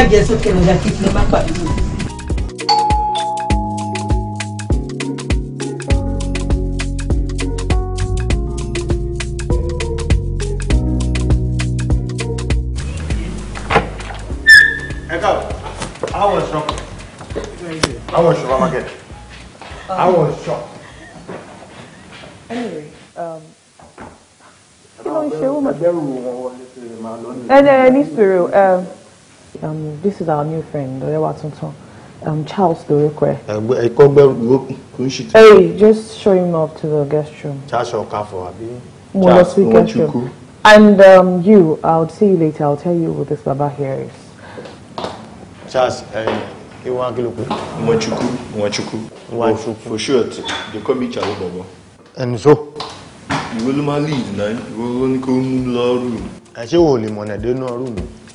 bàjẹ́ sókè lọ́jà kí n má pàdé. is our new friend ọ̀rẹ́wà tuntun um, Charles lorúkọ um, ẹ. hey just show him up to the guest room. Charles ọ̀kàfọ̀ Abi. Charles ọ̀wọ́chukwu. and um, you I'll see you later I'll tell you what this baba here is. Charles kí wọ́n á kí mwachuku. pé. for sure they call me Charles Baba. And so. you will máa lead náà ìwé ló ní kó mú lọ rúùmù. ẹ ṣé wo lè mọ̀nà dénú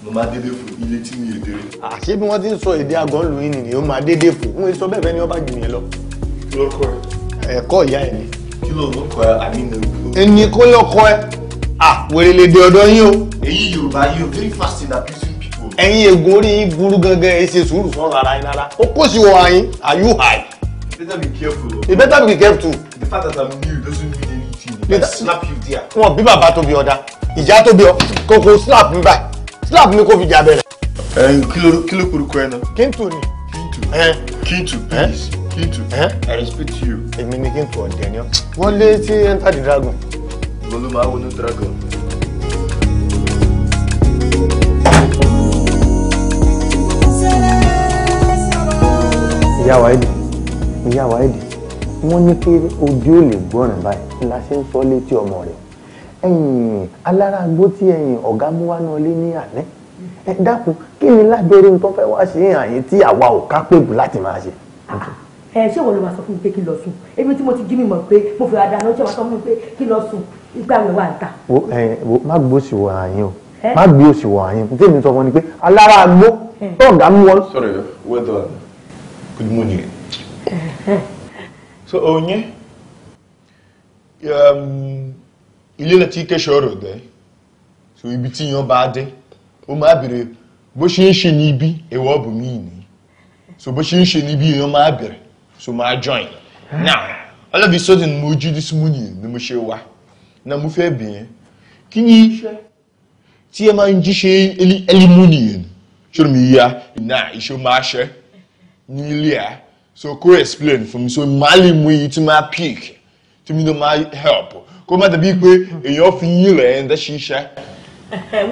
ló máa dédé fò ilé tí mi èdè rẹ. àṣé ah, bí wọ́n ti ń sọ èdè agàn lù yín nìyẹn ó máa dédé fò ń sọ bẹ́ẹ̀ bẹ́ẹ̀ ni wọ́n bá jù yẹn lọ. kí ló kọ ẹ. ẹ̀kọ́ ìyá ẹ̀ ni. kí ló kọ ẹ àmì nà. ẹni kó yọ kọ ẹ ah, wèrè lè dé ọ̀dọ̀ yín o. èyí yorùbá yìí o very fast in abusing people. ẹ̀yin ègún orí yín burú gangan ẹ ṣe sùúrù sọ̀rọ̀ ara yín rárá ó kó sí wọ àyín are you high. you better be careful. Oh. you better be careful. the fact that i'm new doesn't mean anything. if i slap you there. wọn bí bàbá tó bí ọ dá ìyá tó bí ọ kò kò slap mi báyìí slap ni kò fi jà bẹ̀rẹ̀. kí ló kúrú kú ẹ náà. Kintu ni. Kintu Kintu please Kintu I respect you. èmi ni Kintu ọ̀dẹ̀ ni ọ́ wọ́n lé tí enter the dragon. lọ́lọ́ máa wọnú dragon. ìyá wáìdì ìyá wáìdì wọ́n ní pé ojú ò lè gbọ́ràn báyìí la ṣe ń sọ létí ọmọ rẹ̀ alára agbó tí ẹ̀yìn ọ̀gá mú wá náà lé ní àná ẹ dákun kí ni lábẹ́rẹ́ ohun tó fẹ́ wá ṣe àyè tí àwa ò ká pèbù láti máa ṣe. Ah, ẹ ṣé ìwọ ló máa sọ fún mi pé kí n lọ sùn ebi tí mo ti jí mi mọ̀ pé mo fẹ́ adana ọjọ́ wọn sọ fún mi pé kí n lọ sùn ipa mi wà ń wo ẹ wo má gbó sì wọ àyín o má gbé òsì wọ àyín tí èmi sọ fún ni pé alára agbó tó ọ̀gá mú wọn. sorry well good morning. so onye. Um, ilé náà tí kẹ́sọ̀ ọ̀rọ̀ gẹ́ so ibi tí yan bá dé ó máa bèrè bó ṣe ń ṣe ní ibi èwọ̀ ọ̀bùn mí ni so bó ṣe ń ṣe ní ibi yan máa bèrè so máa join now all of a sudden mo jí this morning ni mo ṣe wá na mo fẹ́ bìyẹn kí ni tí ẹ máa ń jí ṣe early morning mi yá náà iṣẹ́ máa ṣẹ́ ní ilé ẹ̀ so kó explain fún mi so màá lè mú iye tí máa pick tí mi ló máa help kó má dàbí pé èèyàn fi yín rẹ̀ ẹ̀ ń dẹ́ ṣiṣẹ́.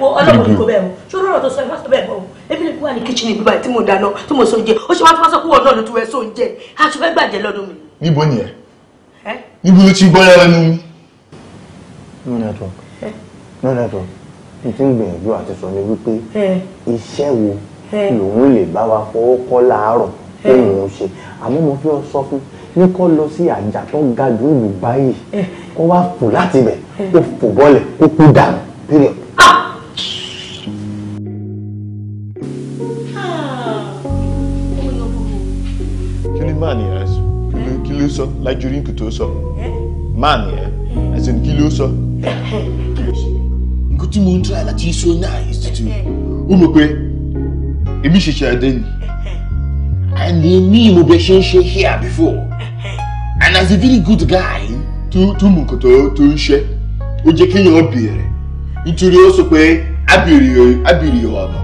wo ọlọ́run kò bẹ́ẹ̀ o ṣé olóòrò tó sọ ẹ má sọ bẹ́ẹ̀ bọ́ o ebi lè wà ní kíchìnì bíbá tí mo dáná tí mo sọ oúnjẹ ó ṣe wá tí wọ́n sọ pé wọ́n náà ló tún ẹ sọ oúnjẹ aṣọ fẹ́ gbàjẹ́ lọ́dún mi. níbo nìyẹn níbo ló ti gbọ́ yára nu. no no network ìtí ń gbìyànjú àti sọ ni wípé iṣẹ́ wo lòun lè bá wa fọwọ́ kọ́ láàárọ̀ kí òun ṣe àmọ́ mo fi ọ ní kó lọ sí àjà tó ga jù ìlú báyìí eh. kó wá fò láti bẹ̀ eh. kó fò bọ́lẹ̀ kó kú dànù period. kí ni máa ah! ah! nìyẹn kí ló sọ lájú rí nkùtò sọ máa nìyẹn ẹsẹ̀ kí ló sọ. nǹkan tí mo ń try láti sọ náà institute eh, ó mọ̀ pé èmi ṣẹ̀ṣẹ̀ adé ni and èmi mo bẹ ṣe ń ṣe here before and as a very good guy tó tó mọ̀ nǹkan tó tó ń ṣe ó jẹ́ kéèyàn béèrè nítorí ó sọ pé ábìrì ọ̀nà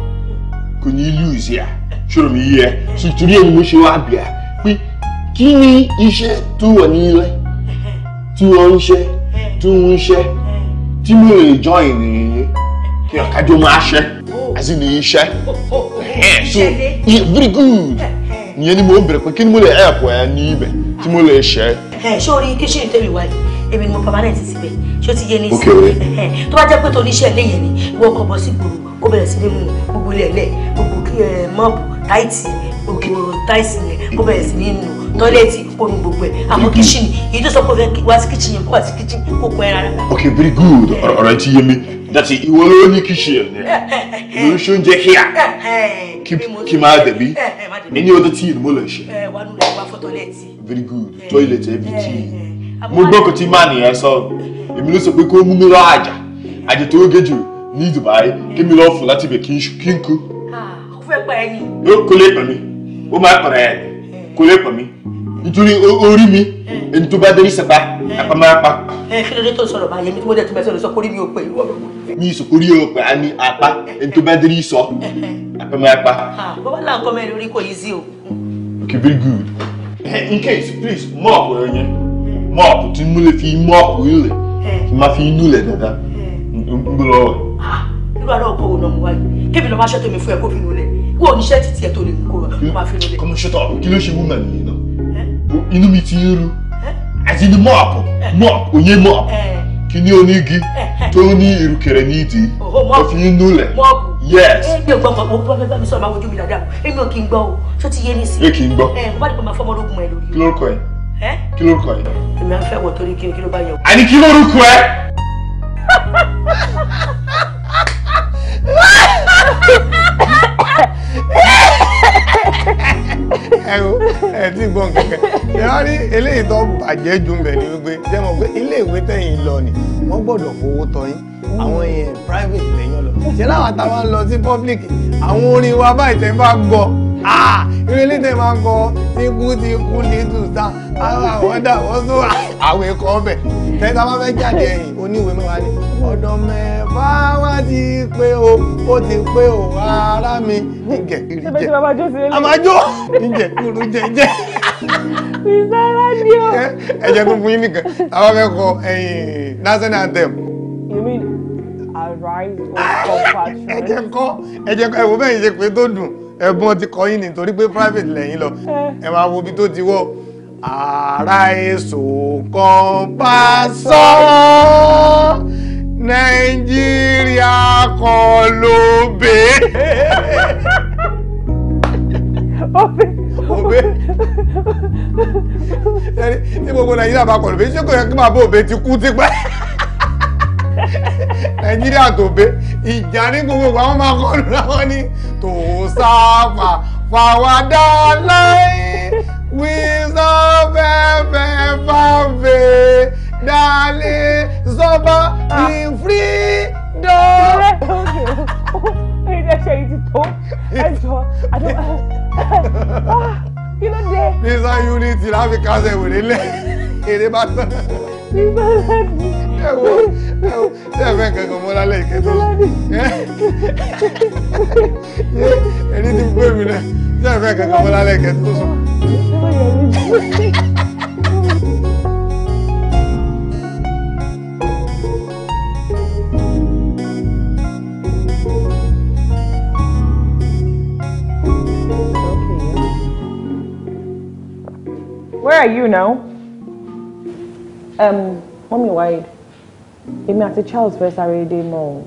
kò ní ìlú à ṣòro mi yẹ so torí ẹni mo ṣe wá bìà pé kí ni iṣẹ́ tó wà ní ilé tí wọ́n ń ṣe tó ń ṣe tí mo lè join nìyẹn kí ọ̀kadì ó máa ṣe àti ní iṣẹ́ so very good ìyẹn ni mo bẹ̀rẹ̀ pé kí ni mo lè help ẹ ní ibẹ̀ tí mo lè ṣe. ṣé orí kíṣìnì tẹ́lẹ̀ wáyé èmi ni mo permanent síbẹ̀ ṣé ó ti yé ní sí tó bá jẹ́ pé tó níṣẹ́ ilé yẹn ni ìwọ ọkọ̀ bọ́ sí gbòòrò ó bẹ̀rẹ̀ sí ní mú gbogbo ilé ẹ̀lẹ́ gbogbo mọ́ọ̀bù táìtì òkèwòrò táìsì yẹn kó bẹ̀rẹ̀ sí ní nù tọ́lẹ́ẹ̀tì omi gbogbo ẹ̀ àmọ́ kíchìnì èyí tó sọ pé wá sí kíchìnì yẹn kó wá sí kíchìnì kó kún ẹ rárá. ok very good ọ̀rọ̀ ti yé mi dati ìwọ ló ní kíchìnì yẹn ló ń ṣe oúnjẹ híà kí máa dẹ̀bi ẹni ọdún tí ìlú mọ́ lọ ṣe. wà á nù lọ wá fọ́tọ́lẹ́ẹ̀tì very good eh, toilet everything eh, eh. mo gbọ́ kò tí má nìyẹn sọ èmi ló sọ pé kó mú mi lọ àjà àjà tó gé jù ní Dubai kí mi lọ fò láti ibẹ̀ kí n kú. Ah, ó fẹ́ pa ẹni. kò lè pẹ̀ ó máa pẹ̀rẹ̀ ẹ̀ kò lè nítorí orí mi ẹni tó bá dérí sẹpa àpamọ́apá. ẹ kí ló dé tó sọ̀rọ̀ báyìí ní kí wọ́n dẹ̀ tún bẹ́ẹ̀ sọ̀rọ̀ sọ kórìí mi ò pè é. mi ìsòkórí ò pè á ní apá ẹni tó bá dérí sọ àpamọ́apá. Ah, bọ́bá làǹkọ́ mẹ́rin orí kò yí sí o. okay very good. Eh, in case please mop yẹn mop tí mo lè fi mop ilẹ̀ kí n máa fi inú ilẹ̀ dáadáa eh. n bọ̀ lọ́wọ́. Ah, irú àlọ́ ọkọ̀ òun náà mo wáyé kébì lọ́wọ́ aṣọ tèmi fún ẹ kó fi nulẹ̀ kó o níṣẹ́ títí ẹ̀ tó lè kó o máa fi nulẹ̀. kọ́mọ ṣọ́tọ̀ kí ló ṣe woman yìí náà eh? inú mi ti ń ru àti ní mop mop òye mop kí ni onígi tó ní ìrùkẹ̀rẹ̀ ní ìdí ẹ̀ fi inú ilẹ̀. mọ́ọ̀pù yes. ẹ gbé ògbọ́n kan ògbọ́n bẹ́ẹ̀ bá mi sọ̀rọ̀ máa wojú mi dáadáa èmi eh, ò kí n gbọ́ o tó ti yé ní sí. ẹ eh, kì í gbọ́. ẹ eh, bá dìbò máa fọ́ ọmọdógún ẹ lórí. kí lórúkọ ẹ. ẹ kí lórúkọ ẹ. èmi à ń fẹ́ wọ torí kí ni kí ló bá yẹ o. àní kí lórúkọ ẹ. Ha ha ha ha! ẹ o ẹ ti gbọ́ nǹkan ẹ rí eléyìí tó bàjẹ́ jù ń bẹ̀ ni wípé jẹ́ mọ̀ pé iléèwé tẹ̀yìn lọ ni wọ́n gbọ́dọ̀ fowó tọ́ yín àwọn èèyàn private lẹ́yìn lọ ṣé láwọn táwọn lọ sí public àwọn orin wa báyìí tẹ́ bá gbọ́ ìrẹ̀lẹ̀ tẹ́ máa ń kọ tí ti kú ní tùsà àwọn àwọ̀dà wọ́n sọ àwẹ̀ kọ́ bẹ̀ tẹ́ta bá fẹ́ jáde ẹ̀yìn oníwèé ni ọdún mẹ́rin fáwá ti pé o ó ti pé o ara mi ìjẹ kiri jẹ àmàjò ìjẹ kuru jẹjẹ. ìsára ni o. ẹ fún yín nìkan àwọn akẹ́kọ̀ọ́ ẹ̀yìn national anthem. you mean arise o compassion. ẹ jẹ́ ṣe pé tó dùn ẹ̀bùn ti kọ́ yín nítorí pé private lẹ́yìn lọ ẹ máa wo ibi tó ti wọ́ ara èso kan bá sọ nàìjíríà kọ́ ló bè. òbẹ ẹni tí gbogbo nàìjíríà bá kọ̀ ló bè ṣé kò yẹ kí màá bọ̀ òbẹ ti kú tipẹ́ nàìjíríà tó bẹ ìjà ní gbogbo àwọn máa kọ́ ló láwọn ní tó sáfà fàwádà láì wíṣọ́ fẹ́fẹ́ fàfẹ́ dale zoba in freedom. ẹ ṣe yìí ti tó ẹ jọ àdó kí ló dé. unity láfi kásẹ̀ wèrè lẹ̀ with bá tán. nígbà láti. ẹ wo ẹ wo tí ẹ fẹ́ kankan mọ́ lálẹ́ ìkẹ́tọ́. ẹni tí gbé mi lẹ tí ẹ fẹ́ kankan mọ́ lálẹ́ ìkẹ́tọ́ sùn. Where are you now? Um, mommy Wáyé, èmi àti Charles fẹ́ sáré dé mọ́ o.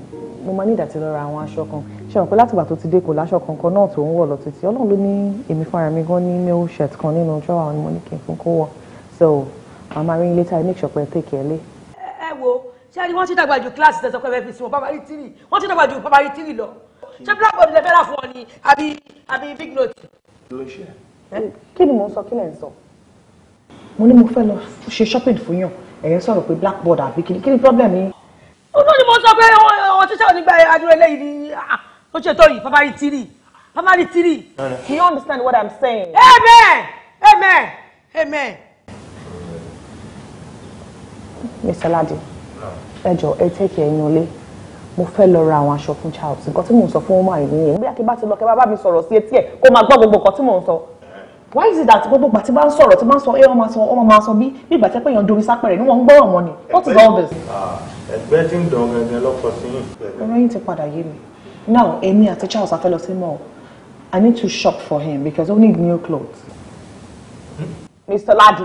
Mo máa ní ìdàtí lọ ra àwọn aṣọ kan. Ṣé o pé látìgbà tó ti dé kò láṣọ kankan náà tó ń wọ̀ lọ títí? Ọlọ́run ló ní èmi fúnra mi gan ní mail shirt kan nínú drawer àwọn ni mo ní kí n fún kó wọ̀. So, màá máa ring later make sure pé ẹ take care lé. Ẹ wo, ṣé a ní wọ́n ti dàgbà ju kíláàsì tẹ̀sán pé ẹ fi sun bàbá rí tìrì? Wọ́n ti dàgbà ju bàbá rí tìrì lọ. Ṣé black board lè fẹ́ rà fún ọ ni àbí big note? Kí ni mò ń sọ? Kí lẹ̀ ń sọ? mo ní mo fẹ́ lọ ṣe shopping fún yàn ẹ̀yẹ sọ̀rọ̀ pé blackboard àbí kí ni kí ni problem yìí. olú ni mo sọ pé ọmọ tíṣà onígbà adúlọ eléyìí ni ah, ó ṣe tó yìí fáfárí tírì fáfárí tírì. do you understand what i'm saying. amen amen amen. mr ladi ẹ jọ ẹ tẹ́kì ẹ̀yin olé mo fẹ́ lọ ra àwọn aṣọ fún charles nǹkan tí mò ń sọ fún ọmọ àìní yẹn bí akébá ti lọ kẹ́ bá bá mi sọ̀rọ̀ sí etí ẹ̀ kó máa gbọ́ gbogbo nǹkan tí mò ń sọ why is it that gbogbo ìgbà tí bá ń sọ̀rọ̀ tí bá ń sọ ẹ ọmọ sọ ọmọ máa sọ bí bí ìgbà tí pé èèyàn dorí sápẹ̀rẹ̀ ni wọ́n ń gbọ́rọ̀ wọn ni what is all this. Ah, ẹgbẹ́ tí ń dán gẹ́gẹ́ lọ́pọ̀ sí yìí. ọ̀rọ̀ yìí ti padà yé mi now èmi àti Charles afẹ́ lọ sí mall I need to shop for him because he need new clothes. Hmm? Mr. Ladi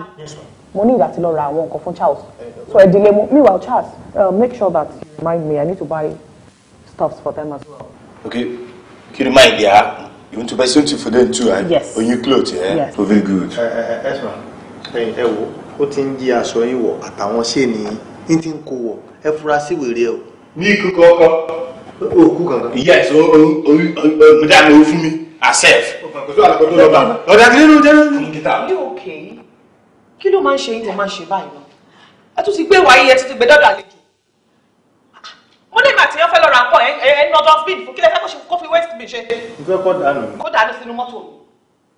mo ní ìdàtí lọ ra àwọn nǹkan fún Charles eh, eh, so ẹ mu meanwhile Charles um, make sure that you remind me I need to buy stuffs for them as well. okay kí remind ya You want to buy something for them too, right? Yes. On your clothes, yeah? Yes. very good. Eh, eh, eh, yes, ma'am. Hey, what wò, you ti ń jí aṣọ yín wọ̀ àtàwọn ṣé ni yín ti ń kó wọ̀ ẹ fura sí wèrè o. Ní ikú kọ́kọ́. Òkú kankan. Yes, mọ̀dá mi ò fún mi, àṣẹf. Ọ̀dà tí nínú jẹ́ nínú. Ní òkè yìí, kí ló máa ń ṣe yín tó okay? ń ṣe báyìí náà? Ẹ tún ti gbé wáyé, ẹ tún ti gbé dọ́dọ̀ àlejò ó lè máa tẹ̀yàn fẹ́ lọ ra nǹkan ẹ̀ ẹ̀ nọ dustbin fún kílẹ̀ fẹ́ kó fi waste bin ṣe. n fẹ́ kọ́ dànù. kó dànù sínú mọ́tò.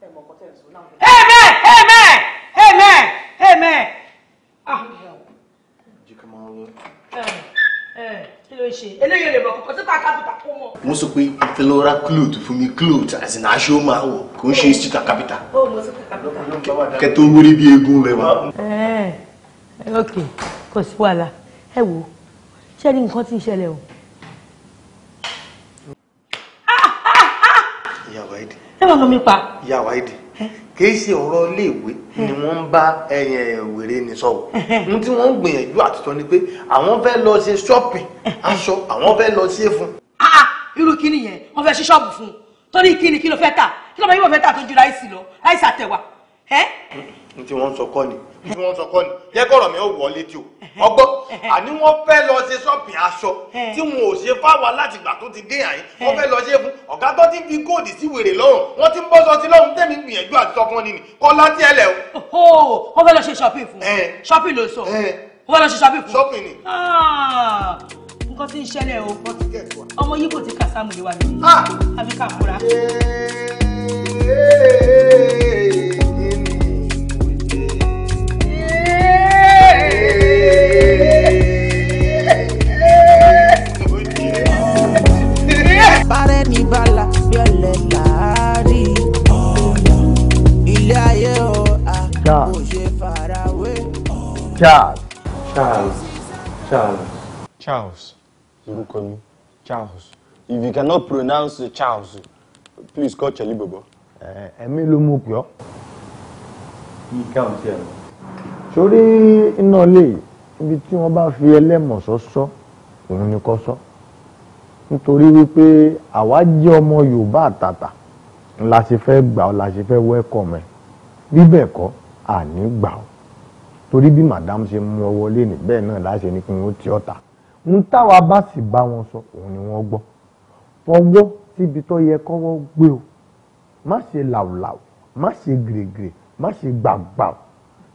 ẹ mọ ọkọ tẹ ẹ sọ náà. amen amen amen amen. jíkà máa ń lọ. kí ló ń ṣe eléyìí lè mọ kọkọ tí kàkàbìtà kó mọ. wọ́n sọ pé ìfẹ́ lọ ra cloth fún mi cloth as in aṣọ máa wọ̀ kò ń ṣe street kàkàbìtà. ó mọ sí kàkàbìtà. kẹtọ́ wọlé bí eégún rẹwà. ẹ ẹ ok kò sí wàhálà ẹ wò ṣé ní nǹkan tí ṣẹlẹ̀ o. ìyàwó ayédè. ẹ máa lọ mi pa. ìyàwó ayédè kì í ṣe ọ̀rọ̀ iléèwé ni wọ́n ń bá ẹyìn wèrè ni sọ̀rọ̀ ohun tí wọ́n ń gbìyànjú àtijọ́ ni pé àwọn fẹ́ lọ ṣe ṣọ́ọ̀pì aṣọ àwọn fẹ́ lọ ṣe é fún. Ah, ah, irú kí nìyẹn wọ́n fẹ́ ṣe ṣọ́ọ̀bù fún un torí kí ni kí ló fẹ́ tà kí ló máa yíwọ̀ fẹ́ tà tó ju láìsí lọ láìsí àtẹ̀wà. ohun tí wọ́n ń sọ kọ́ ni bí wọ́n sọ kọ́ ni jẹ́ kọ́rọ̀ mi ó wọ̀ létí o ọgbọ́ àní wọ́n fẹ́ lọ ṣe ṣọ́ọ̀bì aṣọ tí wọn ò ṣe fáwa láti gbà tó ti dé àyín wọ́n fẹ́ lọ ṣe fún ọ̀gá tó ti fi góòdì sí wèrè lọ́rùn wọ́n ti ń bọ́ sọ sí lọ́run tẹ̀mí gbìyànjú àti sọ fún ọ nínú kọ́ láti ẹlẹ́ o. wọ́n fẹ́ lọ ṣe ṣọ́ọ̀bì fún ṣọ́ọ̀bì ló sọ wọ́n fẹ́ lọ ṣe ṣọ́ọ̀bì fún. ṣọ́ọ̀bì ni ah, nǹkan tí ń ṣẹlẹ̀ o ọmọ yìí kò ti kà lé wa lórí àbíkà fúra. ní bàlá bí ọ̀lẹ láàárí ilé ayé o kò ṣe farawé. Charles Charles Charles Charles orúkọ mi Charles if you cannot pronounce Charles please call Charlie bobo. Eh, ẹ̀mí ló mú pé ọ́. yìí káwọn sí ẹ̀rọ. sórí iná lè ibi tí wọ́n bá fi ẹlẹ́mọ̀ọ́sọ́ sọ òun ni kò sọ. So nítorí wípé àwa jẹ́ ọmọ Yorùbá àtàtà la ṣe fẹ́ gbà ọ́ la ṣe fẹ́ wẹ́kọ̀mù ẹ̀ bí kọ́ àní gbà ọ́ torí bí madam ṣe mú ọ wọlé ní bẹ́ẹ̀ náà láṣẹ ní kí wọ́n ti ọ̀tà ń táwa bá sì bá wọn sọ òun ni wọ́n gbọ́ fọwọ́ síbi tó yẹ kọ́wọ́ gbé o má ṣe làwùlàwù má ṣe gèrègèrè má ṣe gbàgbà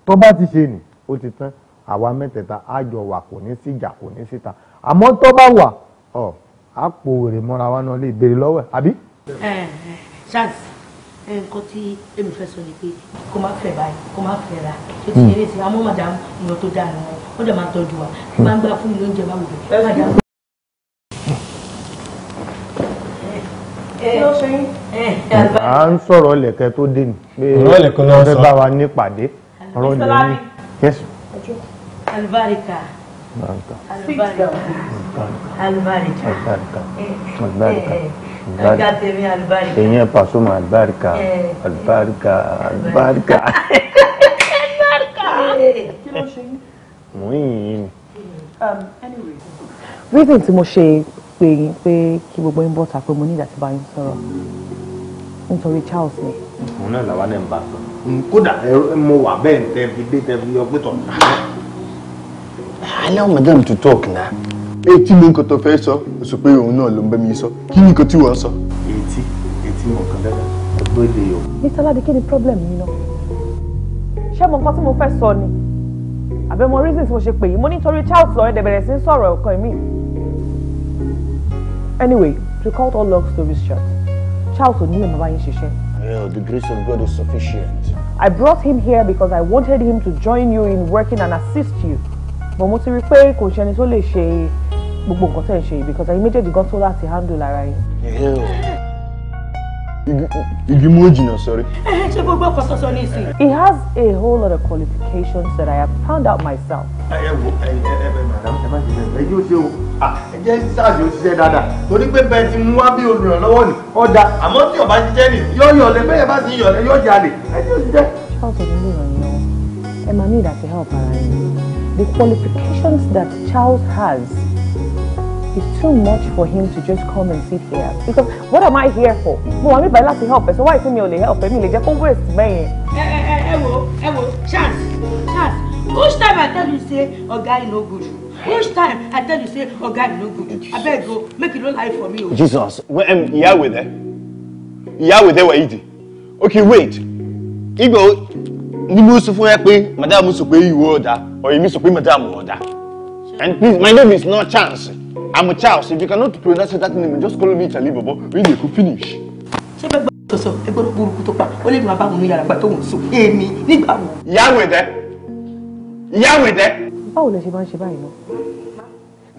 tó bá ti ṣe nì ó ti tán àwa mẹ́tẹ̀ẹ̀ta á jọ wà kò ní síjà kò ní síta àmọ́ tó bá wà ọ̀. Oh á po wèrè mọ́ra wa náà lè béèrè lọ́wọ́ ẹ̀ àbí. chance nǹkan tí èmi fẹ́ sọ ni pé kó má fẹ́ báyìí kó má fẹ́ ra tó hmm. ti yẹn létí àmọ́ màdà ìyàn tó dáa nìyẹn ó dẹ̀ máa tọ́jú wa máa ń gbà fún mi lóúnjẹ máa wù mí. à ń sọ̀rọ̀ lẹ̀kẹ́ tó dé ni pé wọ́n fẹ́ bá wa nípàdé ọ̀rọ̀ lẹ́yìn. alùbáríkà albarika albarika albarika albarika ìyẹn Pasuma albarika albarika albarika albarika mo ń yìn ni. reason tí mo ṣe pé yín pé kí gbogbo yín bọ́ta pé mo ní ìdàtí bá yín sọ̀rọ̀ nítorí Charles ni. òun náà làwọn ẹ̀ ń bá a sọ. kódà mo wà bẹ́ẹ̀ tẹ́ fi dé tẹ́ fi yọ pé tọ̀ allow ah, madam to talk na. etí eh, ni nǹkan tó fẹ́ sọ o sọ pé òun náà ló ń bẹ́ mi sọ kí ni nǹkan tí wọ́n sọ. etí etí mọ̀ kan dáadáa ọgbọ́n ilé o. mr ladi kí ni problem yìí náà ṣé mo nǹkan tí mo fẹ́ sọ ni àbẹ mo reason tí mo ṣe pè yìí mo nítorí charles lọrẹ dẹbẹrẹ sí ń sọ̀rọ̀ ọkàn mi. anyway to cut all long stories short charles ò ní ìmọ̀ bá yín ṣiṣẹ́. Well, the grace of God is sufficient. I brought him here because I wanted him to join you in working and assist you but mo ti rí i pé kò ṣẹni tó lè ṣe gbogbo nǹkan tẹ̀ ń ṣe yìí because ẹ̀yin méjèèjì gan tó láti handle ara yín. ìgbìmọ̀ ò jìnnà sọrí. ṣé gbogbo ọkọ̀ sọ́sọ́ ní ìsìn. he has a whole lot of qualifications that I have found out myself. ẹ wo ẹ ẹ ẹ madam ẹ má ṣe bẹ́ẹ̀ ẹ yóò ṣe o ẹ jẹ́ sars yóò ṣiṣẹ́ dáadáa torí pé bẹ́ẹ̀ ti mú wá bí olùrànlọ́wọ́ ni ọ̀dà àmọ́ tí ọba ṣiṣẹ́ ni yóò yọ̀lẹ̀ bẹ́ẹ̀ bá ti yọ̀lẹ̀ yóò jalè ẹ yóò ṣiṣẹ́. ṣáà tó ní ìrànlọ́wọ́ ẹ máa ní ìdàtí help ara yín the qualifications that Charles has is too much for him to just come and sit here because what am I here for? mo wà níbàá láti help ẹ so why is he ò lè help ẹ mi lè always, kó Eh, eh, eh, ẹ ẹ wo ẹ wo chance which time I tell you say a guy no good which time I tell you say a guy no good I beg o make it no lie for me o. Jesus where? um, ìyá there? dẹ́ ìyá wẹ̀ dẹ́ wẹ̀ okay wait Igbo ni mo sọ fún ẹ pé madam sọ pé ìwọ ọ̀dà or èmi sọ pé madam ọ̀dà and please my name is No Chance I'm Charles if you cannot pronounce that name just call me Charlie bobo we dey go finish. ṣé bẹ́ẹ̀ gbọ́dọ̀ sọ ẹgbẹ́ burúkú tó pa ó lè máa bá òun yàrá gbà tó ń sọ èmi nígbà wo. ìyá wẹ̀dẹ́ ìyá wẹ̀dẹ́. báwo lè ṣe máa ń ṣe báyìí náà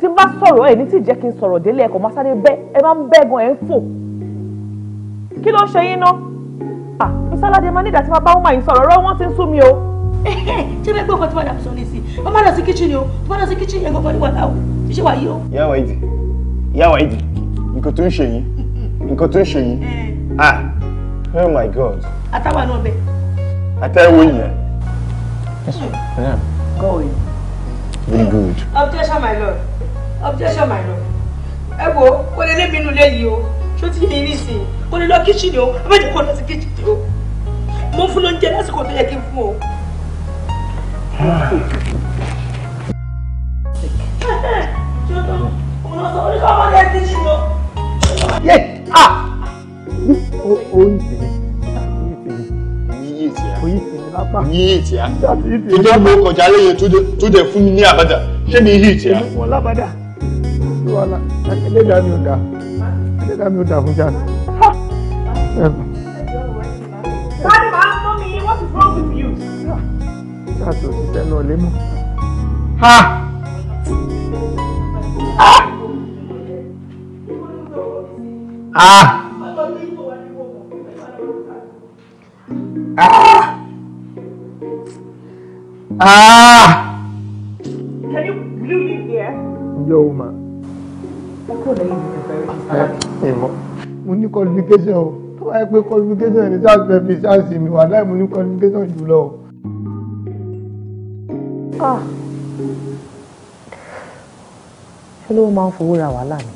tí bá sọ̀rọ̀ ẹ̀ ní tí jẹ́ kí n sọ̀rọ̀ délé ẹ̀kọ́ máa sáré bẹ́ ẹ máa ń bẹ́ gan ẹ̀ ń fò kí ló ń ṣe yín náà ah ìsálàdé máa ní ìdásí máa bá wọn máa yìí sọ̀rọ̀ ọ̀rọ̀ wọn ti ń sú mi o. Eh, eh, ṣé bẹ́ẹ̀ gbọ́n kan tí madam sọ ní sí wọ́n máa lọ sí kíchìnì o tó bá lọ sí kíchìnì yẹn gbọ́n ní wàhálà o ṣíṣe wà yìí o. ìyá wa ìdì ìyá wa ìdì nǹkan tó ń ṣe yìí nǹkan tó ń ṣe yìí eh. ah oh my god. àtàwọn àna ọbẹ. àtẹ̀wò yẹn. go in. very good. objection my lord objection my lord ẹ ko kò lè lé mi nulẹ̀ o tó ti yẹ ní sìn kò ní lọ kíchìnì o ẹ má lọ sí kíchìnì o mo fún lóúnjẹ lásìkò tó yẹ kí n fún o. Yeah. Ah! Oyin yíìtìá ìjọ mo tó dẹ fún mi ní àbádà ṣé mi yíìtìá. wọn lábàdà ló wà lẹ́dàá ni ò dáa ṣẹ̀dá mi ò dà fún jà ní. mommy, what is wrong with you? Ṣáàtò òṣìṣẹ́ náà lé mọ́. Ha! Ah! Ah! Ah! qualification o tó bá yẹ pé qualification ẹni sáà fẹ́ fi ṣáàṣì mi wà láì mo ní qualification jùlọ ah. ṣé ló máa ń fowó ra wàhálà ni.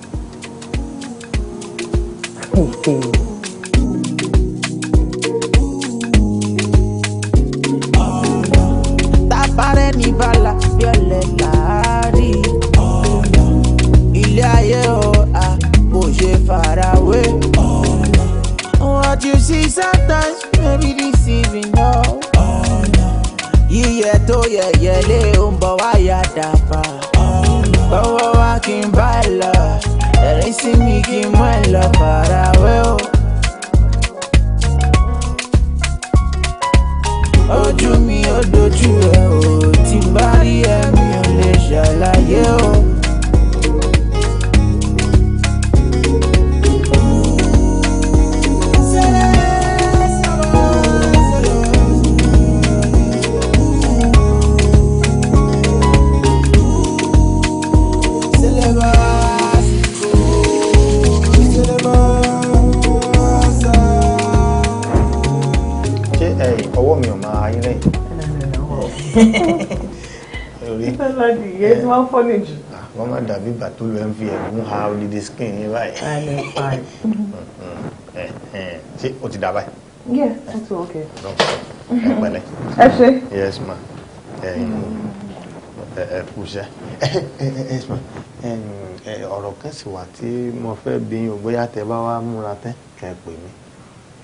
bala, violela. sometimes oh, no be oh, deceiving oh, no. yíyẹ tó yẹyẹ lé ń bọ̀ wáyà dàpà. ọwọ́ wa kì í bá ẹ lọ ẹ̀rín sí mi kì í mú ẹ lọ fara wé o. ojú mi ò dojú o tí bá rí ẹ mi ò lè ṣàlàyé o. ìyẹn tí ah, wọ́n fọ́ nìjú. wọ́n má dàbí ìgbà tó lọ ń fi ẹ̀gún ha holiday skin ní báyìí. Mm-hmm. Eh, eh. ṣé o ti dà báyìí. yes that's okay. ẹ pẹ̀lẹ́. ẹ ṣe. yes ma ẹ kú iṣẹ́ eh, ọ̀rọ̀ kan eh wà tí mo fẹ́ bí yín o bóyá tẹ bá wá múra tán kẹ́ ẹ pè mí.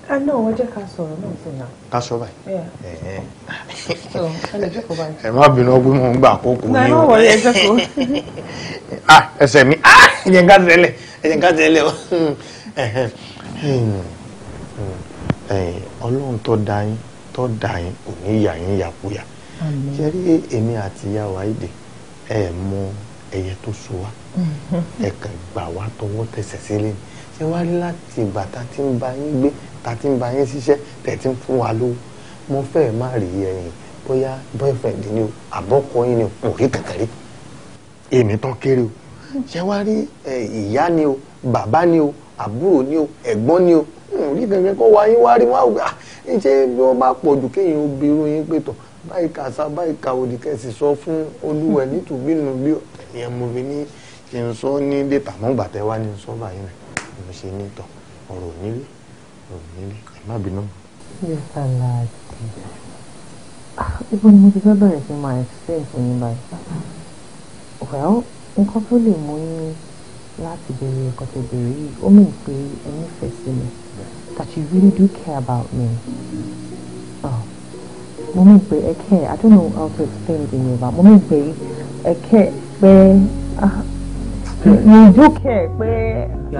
Ah, ẹ náà wọ́n jẹ́ ká sọ̀rọ̀ náà sí náà. ká sọ báyìí ẹ má bínú ọgbẹ́ mọ̀ ń gbà àkókò ní o ah, ẹsẹ̀ mi ah, ẹ̀jẹ̀ ń ká tẹ́lẹ̀ ẹ̀jẹ̀ ń ká tẹ́lẹ̀ o hmm, hmm, ọlọ́run tó dá yín tó dá yín kò ní yà yín yàkúyà ṣe rí èmi àti ìyá wa èdè ẹ mọ ẹyẹ tó so wa mm-hmm. ẹ kàn gbà wá tọwọ́ tẹsẹ̀ sílẹ̀ ni wá rí láti ìgbà tá a ti ń bá yín gbé tá a ti ń bá yín ṣiṣẹ́ tẹ̀ ti ń fún wa lówó mo fẹ́ má rí ẹ̀yin bóyá boyfriend ni o àbọ̀kọ yín ni kò rí kankan rí èmi tán kéré o ṣé wàá rí ìyá ni o bàbá ni o àbúrò ni o ẹ̀gbọ́n ni o rí kankan kọ́ wa yín wá rí wá gbà ah, ṣé bí wọ́n bá pọ̀ jù kéèyàn obìnrin yín pé tọ̀ báyìí kàṣà báyìí kà òdì kẹsì sọ fún olúwẹ̀ nítùbínú bí ìyẹn mo fi ní kí n sọ ní dètà mọ́gbà tẹ́ wá ní sọ báyìí rẹ̀ mo ṣe ní tọ̀ ọ̀rọ̀ nílé ọ̀rọ̀ nílé ẹ̀ má bínú. yóò fà láàyè ibo ni mo ti fẹ́ bẹ̀rẹ̀ sí máa explain fún well nǹkan tó lè mú yín láti béèrè nǹkan tó béèrè yìí ó that you really do care about me oh mo mì I ẹ care I don't know how to explain it in Yorùbá mo mì pé ẹ care pé ah you do care pé.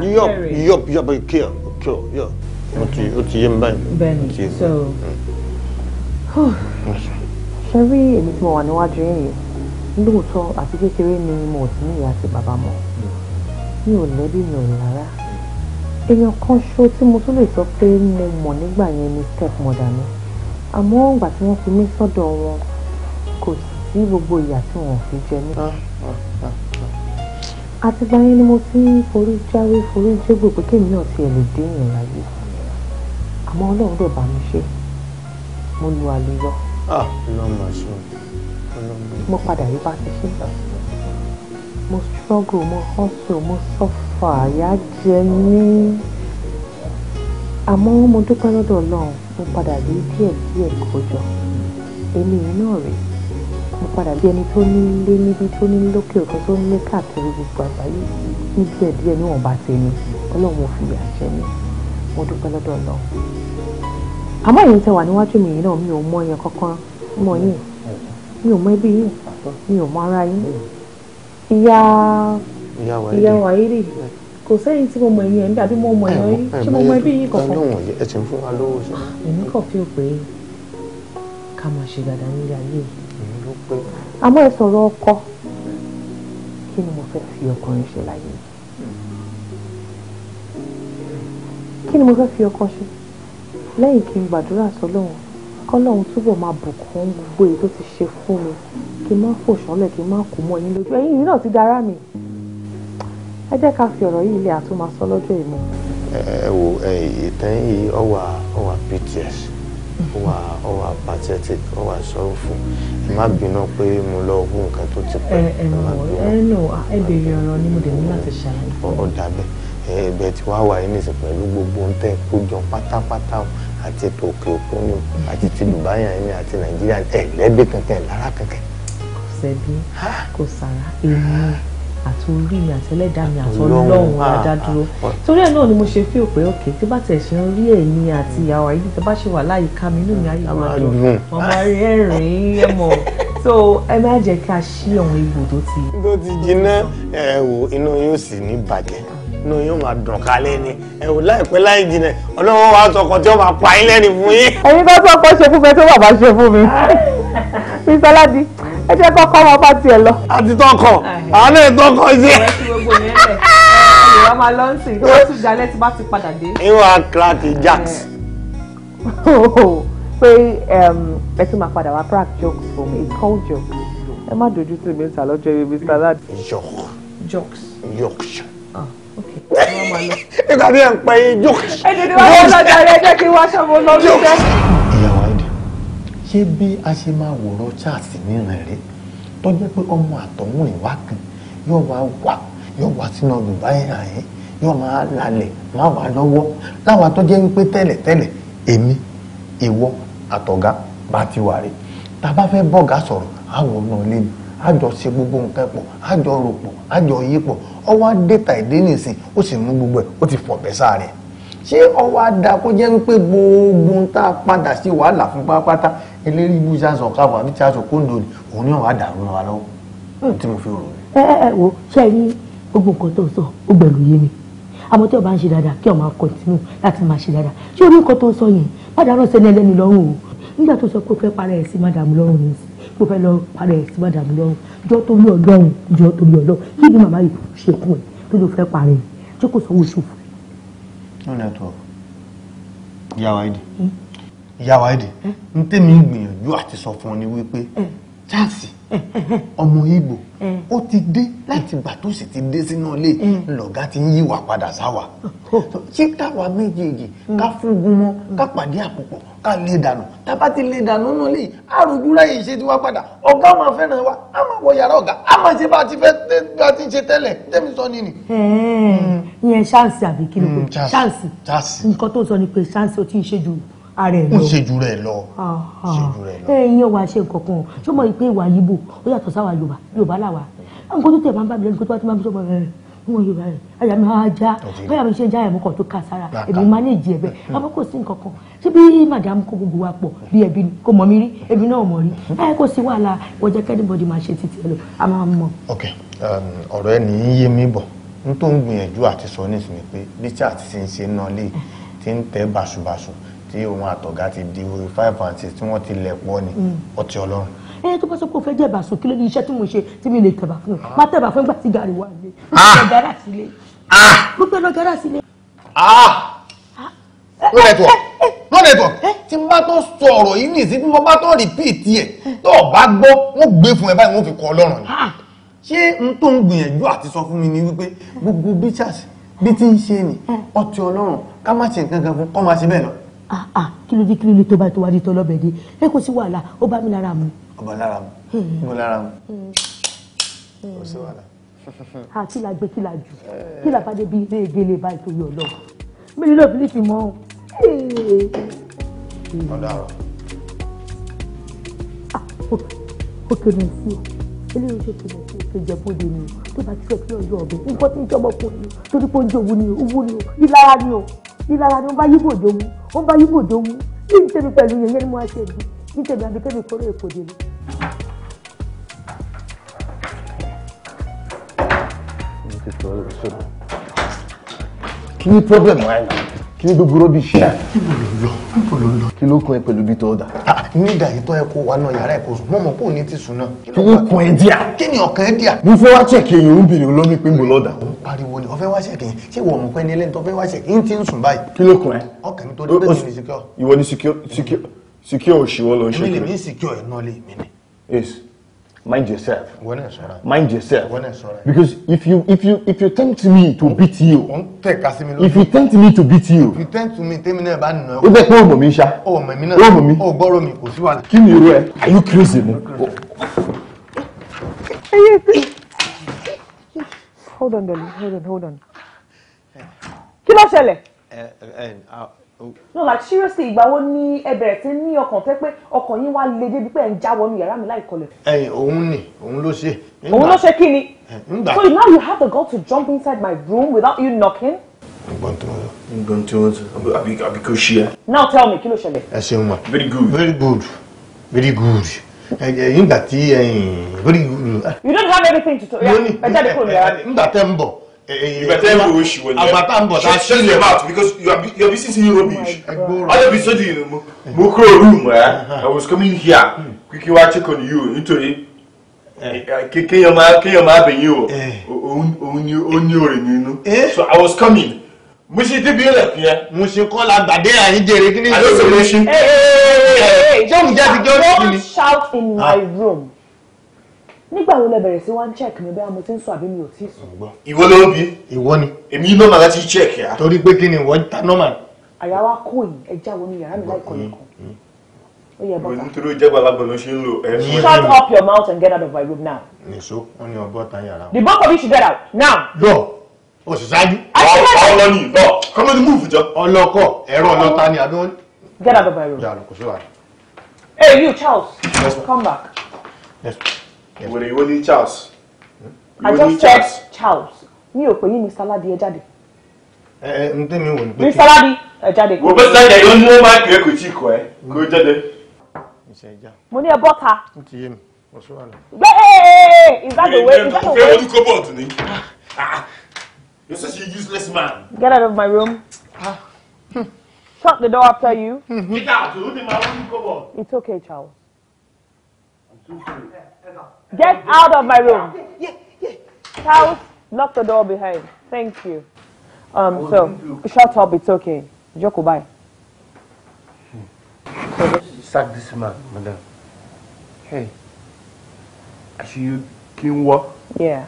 yíyọ yíyọ yíyọ bẹ kí ọ care? ọ yọ o ti yé mi báyìí. bẹ́ẹ̀ni so. Mm ṣe rí èmi tí mo wà níwájú yín yìí lóòótọ́ àti kékeré ni mo sì ní ìyá àti bàbá mọ́ mi ò lẹ́bí mi ò lára èèyàn kan ṣo tí mo tún lè sọ pé mo mọ̀ nígbà yẹn ni stepmother mi àmọ́ ìgbà tí wọ́n fi mí sọ́dọ̀ wọn kò sí gbogbo ìyà tí wọ́n fi jẹ mí àtìgbà yẹn ni mo ti ń forí jáwé forí jégbò pé kéèmí náà tiẹ̀ lè dé èèyàn láyé àmọ́ ọlọ́run dẹ̀ bá mi ṣe mo lu àlùyọ. Ah, ọlọ́mọ ṣe mo padà rí bá ti ṣe ah. mo struggle mo hustle mo suffer àyà jẹ mí àmọ́ mo dúpẹ́ lọ́dọ̀ Ọlọ́run mo padà rí díẹ̀ díẹ̀ kọjọ èmi náà rèé mo padà bí ẹni tó nílé níbi tó ní lókè òkun tó ń lé káàkiri gbogbo àgbáyé ní díẹ̀ díẹ̀ níwọ̀nba tèmi Ọlọ́run ò fìyà jẹ mí mo dúpẹ́ lọ́dọ̀ Ọlọ́run àmọ́ èyí tẹ wà níwájú mi yìí náà mi ò mọ èèyàn kankan mọ yìí mi ò mọ ẹbí yìí mi ò mọ ara yìí ìyá ìyá wàhíìrì kò sẹ́yìn tí mo mọ ẹ̀yìn ẹ̀ ń bí àbí mo mọ ẹ̀yàn yìí ṣé mo mọ ẹbí yìí kankan. ẹ ti ń fún wa lówó ṣe. èmi kàn fi ò pé ká máa ṣe dáadáa nílé ayé yìí. àmọ́ ẹ sọ̀rọ̀ ọkọ kí ni mo fẹ́ fi ọkùnrin ṣe láyé kí ni mo fẹ́ fi ọkọ ṣe lẹ́yìn kí n gbàdúrà sọ́lọ́run kọ́lọ́run túbọ̀ máa bùkún gbogbo èyí tó ti ṣe fún mi kí n má fò sánlẹ̀ kí n má kú mọ́ yín lójú ẹ̀yin yìí náà ti dára mi ẹ jẹ́ ká fi ọ̀rọ̀ yìí lé àtúmọ̀ sọ lọ́jọ́ ìmọ̀. ẹ wo ìtàn yìí ọwà ọwà pts ọwà ọwà pathetic ọwà sorrowful ẹ má bínú pé mo lọ hú nǹkan tó ti pẹ́ ẹ má bínú. ẹ nù ẹ béèrè ọ̀rọ̀ ni mo dẹ̀ ní láti ṣàlàyé. ọ̀dà bẹ́ẹ̀ ẹ bẹ́ẹ̀ tí wàá wà yín nìsín pẹ̀lú gbogbo ohun tẹ́ kó jọ pátápátá àti ètò òkè òkun ni àti ti Dubai ẹni àti Nàìjíríà ẹ lẹ́bí kankan lára kankan. kò sẹ́bí kò sára èmi àtòrí mi àtẹlẹ́dàá mi àtọlọ́hún adádúró torí ẹ̀ náà ni mo ṣe fi òpè òkè tí bá tẹ̀ ṣe ń rí ẹ̀yin àti ìyàwó àyíní tí bá ṣe wà láyìíká mi inú mi ayé máa dùn ọmọ rẹ̀ ẹ̀rín ẹ̀ mọ̀ so ẹ má jẹ́ ká ṣí àwọn egbò tó ti. tó ti jiná ẹ wo inú yóò sì ní bàjẹ́ inú yóò máa dùn kálẹ̀ ni ẹ ò láìpẹ́ láì jìnà ọlọ́wọ́ wa tọkọ tí ó máa pa yín lẹ́nu fún yín. ẹ̀yin kọ́ tó ọkọ ṣe fún mi tó bàbá ṣe fún mi mr ladi ẹ jẹ́ kọ́kọ́ wọn bá tiẹ̀ lọ. a ti tọkọ àwọn náà tọkọ sí. ìwà kíláàkì jacks. pé ẹ tún máa padà wá crack jokes for me it's called jokes ẹ má dojú tì mí ta lọ́jọ́ ibi mr ladi. jokes. jokes. jokes nígbà tí ẹ ń pẹ́ yín jókè. ẹ tètè wá lọ́dọ̀ jàre ẹ jẹ́ kí wá ṣọ́mọ lọ ṣiṣẹ́. ìyàwó ẹ̀dẹ̀ ṣé bí a ṣe máa wòrán charles nínú rẹ̀ tó jẹ́ pé ọmọ àtọ̀hún ìwá kan yóò wá wà yóò wá sínú ọdùnbá ẹ̀hà yẹn yóò máa lálẹ̀ máa wà lọ́wọ́ láwa tó jẹ́ wípé tẹ́lẹ̀tẹ́lẹ̀ èmi ìwọ àtọ̀gá bá ti wà rè tá a bá fẹ́ bọ́ọ̀gá sọ̀rọ̀ àwọn ọmọ ilé mi àjọ ṣe gbogbo nǹkan pọ̀ àjọ rò pọ̀ àjọ yí pọ̀ ọwọ́ dẹ́ta ìdí nìsín ó sì mú gbogbo ẹ̀ ó ti fọ̀bẹ́ sáàrin ṣé ọwọ́ ada kó jẹ́ ń pé gbogbo ń tá a padà sí wàhálà fún pátápátá eléyìí bú ṣáṣọ káàbọ̀ àbí ṣáṣọ kóńdò ni òun ní ọ̀hún àdàrú wa lọ́wọ́ lóòótọ́ tí mo fi rò ní. ẹ ẹ wo ṣe rí gbogbo nǹkan tó sọ ó gbẹ̀lú yé mi àmọ́ tí o bá ń ṣe dáadáa kí o máa kọ̀tínú láti máa ṣe dáadáa ṣé o ní nǹkan tó sọ yẹn má dáná sẹ́ni ẹlẹ́ni lọ́rùn o nígbà tó sọ pé o fẹ́ para ẹ̀ sí má lọ́rùn nìyí kó fẹ́ lọ padà ẹ̀ sí bàdàmú lọ́rùn jọ́ torí ọlọ́run jọ́ torí ọlọ́run kí ni màmá yìí ṣe fún ẹ tó ló fẹ́ parẹ́ tí kò sanwó oṣù fún ẹ. no network ìyá wa ìdí ìyá wa ìdí n tẹ́mi ń gbìyànjú àti sọ fún ọ ni wípé chance ọmọ Ìgbò mm. ó ti dé mm. láti ìgbà tó sì ti dé sínú ilé mm. lọ̀gá ti ń yíwà padà sáwà oh. ṣé káwa méjèèjì ká fúngun mọ́ ká pàdé àpòpọ̀ ká lè dànù tábà ti lè dànù nínú ilé àròjù ráyè ṣe ti wá padà ọ̀gá máa fẹ́ràn wa á máa wọ yàrá ọ̀gá á máa ṣe bá a ti fẹ́ bá a ti ṣe tẹ́lẹ̀ tẹ́mi sọ ni nì. Hmm. ìyẹn ṣáǹsì àbí kí ló pé hmm, ṣáǹsì nǹkan tó sọ ni pé ṣáǹsì ó ti ń ṣe jù ààrẹ lọ ń ṣe jù rẹ lọ ṣe jù rẹ lọ. ẹyin ọwọ àṣẹ nǹkan kan ṣé mo rí i pé ìwà yìí bò ó yàtọ̀ sáwà yorùbá yorùbá làwà nǹkan tó tẹ̀ máa ń bá mi lẹ́nu kó tó bá ti máa ń sọ̀rọ̀ eh, rẹ̀ wọn yóò rẹ àyà mi á já bóyá mi ṣe já ẹ̀mú kan tó ká sára èmi máa ní ìjì ẹ̀bẹ̀ àmọ́ kò sí nǹkan kan ṣé bí madam kó gbogbo wa pọ̀ bí ẹbí ni kò mọ̀ mí rí èmi náà mọ̀ rí ẹ kò sí wàhálà wọ́n jẹ́ kẹ́nìbọ̀dì máa ṣe títí ẹ lọ a máa mọ̀. ok um, ọ̀rọ̀ ẹ nìyí yé mi bọ̀ n tó ń gbìyànjú àti sọ nísìnyí pé bí tí ń ṣe náà lè ti ń eh. tẹ́ báṣubàṣu tí òun àtọ̀gá ti di five and six tí wọ́n ti lẹ̀ pọ̀ ni mm. ọtí ọlọ́run. ẹ tó bá sọ pé o fẹ́ jẹ́ ìbàsùn kí ló ní iṣẹ́ tí mo ṣe tí mi lè tẹ̀bà fún un ah. má tẹ̀bà fún ìgbà tí gàrí wà nílé ah. mo fẹ́ lọ gárà sílé. Ah. no network eh, eh, eh. no network tí mo bá tó sọ ọ̀rọ̀ yìí nìyí tí mo bá tó repeat ẹ̀ tó o bá gbọ́ wọ́n gbé fún ẹ báyìí wọ́n fi kọ́ ọlọ́run ni ṣé n tó ń gbìyànjú àti sọ fún mi ni wípé gbogbo bí ṣàṣì ń ṣe ni mm. ọtí ọlọ́run ká má ṣe nǹkan kan fún kọ́ máa ṣe bẹ́ẹ̀ lọ ah ah kí ló dé kí ló dé tó bá tó wá dé tó lọ́bẹ̀ dé ẹ kò sí wàhálà ó bá mi lára mu. ọba lára mu mo hmm. lára mu kò hmm. sí wàhálà. Hmm. a ah, kí la gbé kí la jù kí la bá dé bí ilé ìgbélé báyìí tó yọ lọ mi nílò bílíkì mọ́ o. ọ̀dà rọ̀. ó ah, kéde sí o eléyìí tó kéde sí o kéde bóde ni o tó bá ti sọ pé ọjọ́ ọ̀bẹ nǹkan tí ń jọmọ fún mi torí pé ó ń ni o ni o ìlara ni o ní lára ni wọ́n bá yíbò jowú wọ́n bá yíbò jowú ní ìtẹ̀mí pẹ̀lú yẹn ni mo ṣe bí ní tẹ̀mí abikẹ́mi kóró èkó dé ni. kí ni problem wáyé náà kí ni gbogbo rọ́bì ṣe. níbo ló ń lọ níbo ló lọ. kí ló kun ẹ pẹ̀lú bí tó dà. Ah, ní ìdá yìí tọ́ ẹ kó wa náà yàrá ẹ kó sùn mọ́mọ́ kó ní ti sùn náà. kí ló kun ẹ díà. kí ni ọ̀kan ẹ díà. mo fẹ́ wá ṣẹ̀kì èyàn obìnrin olómi pé mo lọ́dà. ó pariwo ni ọ̀fẹ́ wá ṣẹ̀kì yẹn ṣé ìwọ ọmọ pẹ́ tó fẹ́ wá ṣẹ̀kì yín ti ń sùn báyìí. kí ló kun ẹ. ọkàn mi mind yourself. Mind yourself. Because if you if you if you tempt me to beat you. O n tẹ kasi mi lójú. If you tempt me to beat you. If you tempt me tẹ́mi náà bá nà. O bẹ pé o mọ̀ mi ṣá. O mọ̀ mi náà. O mọ̀ mi. O gbọ́rọ̀ mi kò sí wàhálà. Kí ni irú ẹ? Are you crazy ni? Hold on, darling. Hold on, hold on. Kí ló ṣẹlẹ̀? no like seriously ìgbà wo ni ẹ bẹ̀rẹ̀ sí ní ọkàn tẹ́ pé ọkàn yín wá le débi pé ẹ̀ ń já wọnú yàrá mi láì kọlẹ̀. ẹyin òun ni òun ló ṣe. òun ló ṣe kí ni. so now you have the gall to jump inside my room without you knocking. ngbọ́n tí wọ́n sọ. ngbọ́n tí wọ́n sọ àbí kò ṣe é. now tell me kí ló ṣẹlẹ̀. ẹ ṣeun ma very good very good very good nígbà tí very good. you don't have anything to talk. ẹ jáde kúrò ní yàrá mi. nígbà ń bọ̀ you better know where she went. àbàtà ń bọ̀ tá a mouth because you are, you are busy seeing rubbish. all of a sudden mo room eh? I was coming here kí wá check on you nítorí eh. kéèyàn máa kéèyàn máa bẹ̀yìn o òun eh. ní orin nínú so I was coming mo ṣe débi ilẹ̀kùn yẹn. mo ṣe kọ́ la gbàdé àyín jèrè kí ni. àlọ́ sọ̀rọ̀ ṣe. ṣé òun jẹ́ ti jọ́ sí ni. don't shout in my ah. room nígbà wo lẹ bẹ̀rẹ̀ sí wá check mi bẹ́ẹ̀ mo ti ń sùn àbí mi ò tí ì sùn. ìwọ ló ń bi ìwọ ni èmi yìí nọ́ọ̀mà láti check ya. torí pé kí ni ìwọ ń ta nọ́ọ̀mà. àyà wa kó yìí ẹ já wọnú yàrá mi láìkọ yìí kan ó yẹ bọ́ta. nítorí ó jẹ́ gbàlagbà ló ṣe ń lo shut up your mouth and get out of my room now. nìṣó wọn ni ọgbọ́n ta yàrá. the both of you should get out now. lọ o sì ṣáájú. ọlọ́ni lọ kọ́mọ́tì múùfù jọ. ọlọ́kọ̀ ẹ̀rọ ọlọ́ta ni àbí wọ́n. get out of my room. jà lọ kò sí hey you Charles yes, come back. Yes, wèrè ìwé ní Charles. I just said Charles mi ò pè yín Mr. Ladi ẹ jáde. ẹ ẹ n mi wò ni pé. Mr. Ladi ẹ jáde. wò ó bẹ́ẹ̀ sáyẹn yóò mú máàkì rẹ kò tí ì kọ ẹ kó o jáde. mo ní ẹ bọ́ta. ó ti yé mi wọ́n sọ wà lọ. gbẹ́ẹ́ is that the way is that the way. fẹ́ẹ́ wọ́n tún kọ́ bọ́ọ̀tù ni ah, you're such a useless man. get out of my room. Ah. shut the door after you. get out o ní ma it's okay Charles. I'm too sorry. Get out of my room. Yeah, yeah. House, lock the door behind. Thank you. Um, oh, so, shut up, it's okay. Jókòó báyìí. Sack this man, madam. Hey. Actually, you can walk. Yeah,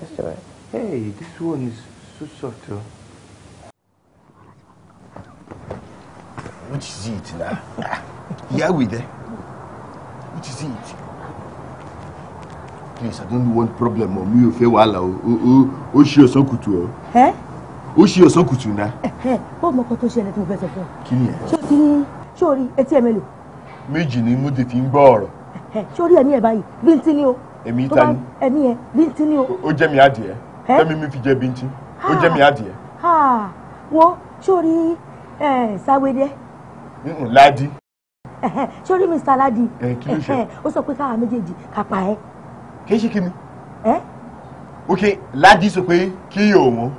let's do it. Hey, this one is so soft. Oh. Which is it now? yeah, we there. Which is it? please i don't want problem o mi ò fẹ́ wàhálà o o o ṣe ọ̀sán kùtù o. ẹ ó ṣe ọ̀sán kùtù ná. bó mọ kó tó ṣẹlẹ̀ tí mo fẹ́ sọ fún ọ. kí ni ẹ. ṣé o ti ní ṣé o rí etí ẹ mélòó. méjì ni mo ti fi ń gbọ́ ọ̀rọ̀. ṣé o rí ẹ̀mí ẹ̀ báyìí bíntín ni o. èmi ta ni. ẹ̀mí ẹ̀ bíntín ni o. ó jẹ́ mi adìẹ fẹ́mi mi fi jẹ́ bíntín ó jẹ́ mi adìẹ. wo ṣé o rí sáwédé. ládì. ṣé o rí mr ládì. ó sọ pé káwa méjèèjì kápá ẹ kì í ṣe kí mi. ok ládì sọ pé kí òun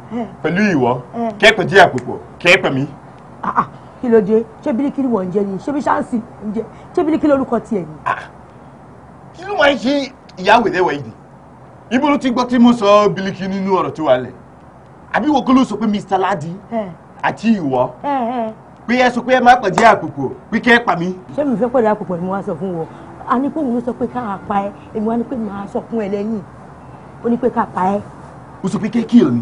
pẹ̀lú ìwọ kẹ́pẹ̀ díẹ̀ àpòpọ̀ kẹ́pẹ̀ mi. Ah, ah, kí ló dé ṣé bíríkì wọ̀ ń jẹ ni ṣé bí ṣáǹsì ń jẹ ṣé bíríkì lórúkọ tiẹ̀ ni. Ah, kí ló máa ń ṣe ìyáwó ẹ̀dẹ́wọ̀ yìí ibo ló ti gbọ́ tí mo sọ bíríkì nínú ọ̀rọ̀ tó wà lẹ̀ àbí wo kó ló sọ pé Mr. Ladi àti ìwọ pé ẹ sọ pé ẹ má pàdé àpòpọ̀ pé kẹ́ pa mí. ṣé mi fẹ́ pàdé àpòpọ̀ ni mo wá sọ fún wọn a ní kóhun ló sọ pé ká pa ẹ èmi wá ní pé màá sọ fún ẹ lẹ́yìn ó ní pé ká pa ẹ. o sọ pé kéèkì ò ní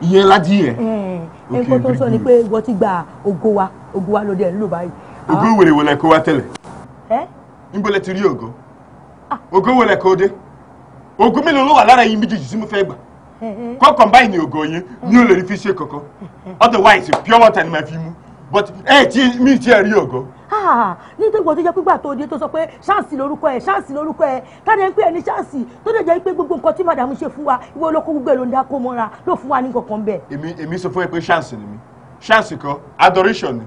ìyẹn ládì yẹn. ẹ nǹkan tó sọ ni pé ìwọ ti gba ògo wa ògo wa ló dé ń lò báyìí. ògo ah. wèrè wọlé kó wá tẹ́lẹ̀ níbo lẹ ti rí ògo ah. ògo wọlé kó dé ògo mélòó ló wà lára yín méjèèjì tí mo fẹ́ gbà kọ́ combine ní ògo yín ní o lè fi ṣe kankan otherwise pure water ni màá fi mú but ẹ ti mi ti ẹ rí ògo. Ah, nítorí ìwọ tó jẹ́ pípa tó di tó sọ pé ṣáàsì lórúkọ ẹ̀ ṣáàsì lórúkọ ẹ̀ káde ń pè ẹ́ ní tó lè jẹ́ pé gbogbo nǹkan tí màdàmú ṣe fún wa ìwọ olóko gbogbo èlò ń dá kó mọ́ra ló fún wa ní kankan bẹ́ẹ̀. èmi èmi sọ fún ẹ pé ṣáàsì ni mi ṣáàsì kan adoration ni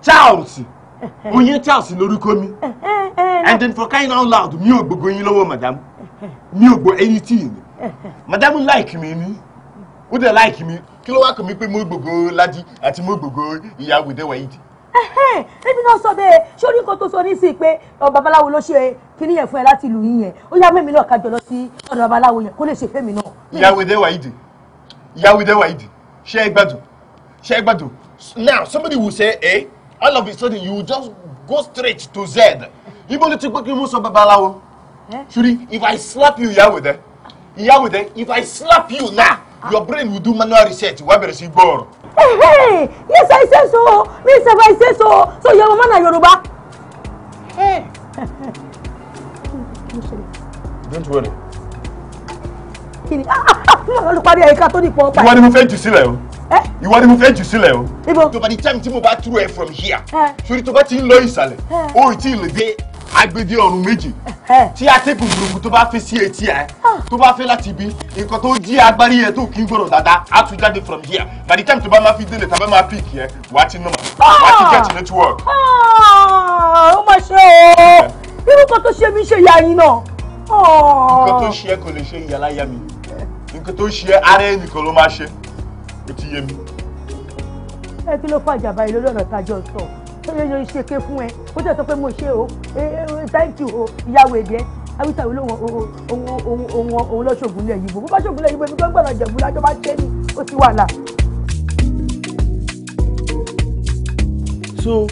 charles eh, eh. oyin charles lórúkọ mi eh, and then for crying out loud mi ò gbogbo yín lọ́wọ́ màdàmú mi ò gbọ́ anything màdàmú like mi ni ó dẹ̀ like mi kí ló wá kàn mí pé mo gbogbo Lájí àti mo gbogbo ìyá wìdẹ́wà yìí ẹbí náà sọ bẹ́ẹ̀ ṣé orí nǹkan tó sọ nísìnyí pé babaláwo ló ṣe kíní yẹn fún ẹ láti lù yín yẹn ó yá mẹ́mi náà kájọ lọ sí ọ̀dọ̀ babaláwo yẹn kó lè ṣe fẹ́mi náà. ìyàwó ìdẹ wàyídì ìyàwó ìdẹ wàyídì ṣé ẹ gbàdùn ṣé ẹ gbàdùn now somebody will say eh all of a sudden you just go straight to z ibo ló ti pé kí mo sọ babaláwo ṣùrí if i slap you ìyàwó ìdẹ ìyàwó ìdẹ if i slap you now ah, ah. your brain will do manual research wàá bẹ̀rẹ̀ sí gbọ́ ọ̀rọ̀. Eh, hey, yes, I say so. Me Miss, I say so. So you're a man Yoruba. Hey. Don't worry. Kí ni? Ah, ah, ah, olùparí ẹ̀ka tó ní pọ̀ pa. Ìwọ ni mo fẹ́ jù sílẹ̀ o. Eh? Ìwọ ni mo fẹ́ jù sílẹ̀ o. Ibo. Tó bá di time tí mo bá through ẹ from here. Ṣorí eh. tó bá ti ń lọ ìsàlẹ̀, o ì tí ì lè dé agbede ọ̀run méjì tí atẹ́gùn burúkú tó bá fẹ́ sí etí ẹ tó bá fẹ́ láti ibi nǹkan tó jí agbárí ẹ tó kì í gbọ́dọ̀ dáadáa á tún jáde from here by the time tó bá máa fi délé tàbí máa píìkì ẹ wà á ti nọ́mà wà á ti gẹ̀ẹ́tì network. ó mà ṣe o irú kan tó ṣe mí ṣe ìyá yín náà. nǹkan tó ṣe ẹ kò lè ṣe ìyàláyà mi nǹkan tó ṣe ara ẹ nìkan ló máa ṣe ó ti yé mi. ẹ kí ló fàjà báyìí lórí ọ̀nà tájọ́ sọ eyo ìṣèké fún ẹ kó tẹ̀ sọ pé mo ṣe o thank you o ìyàwó èdè ẹ awísàwí lòun òun òun lọ ṣògùnlẹ̀ yìí bò bó bá ṣògùnlẹ̀ yìí bò ẹni tó jẹ̀bù lájọ́ bá ṣe ni ó ti wà là. so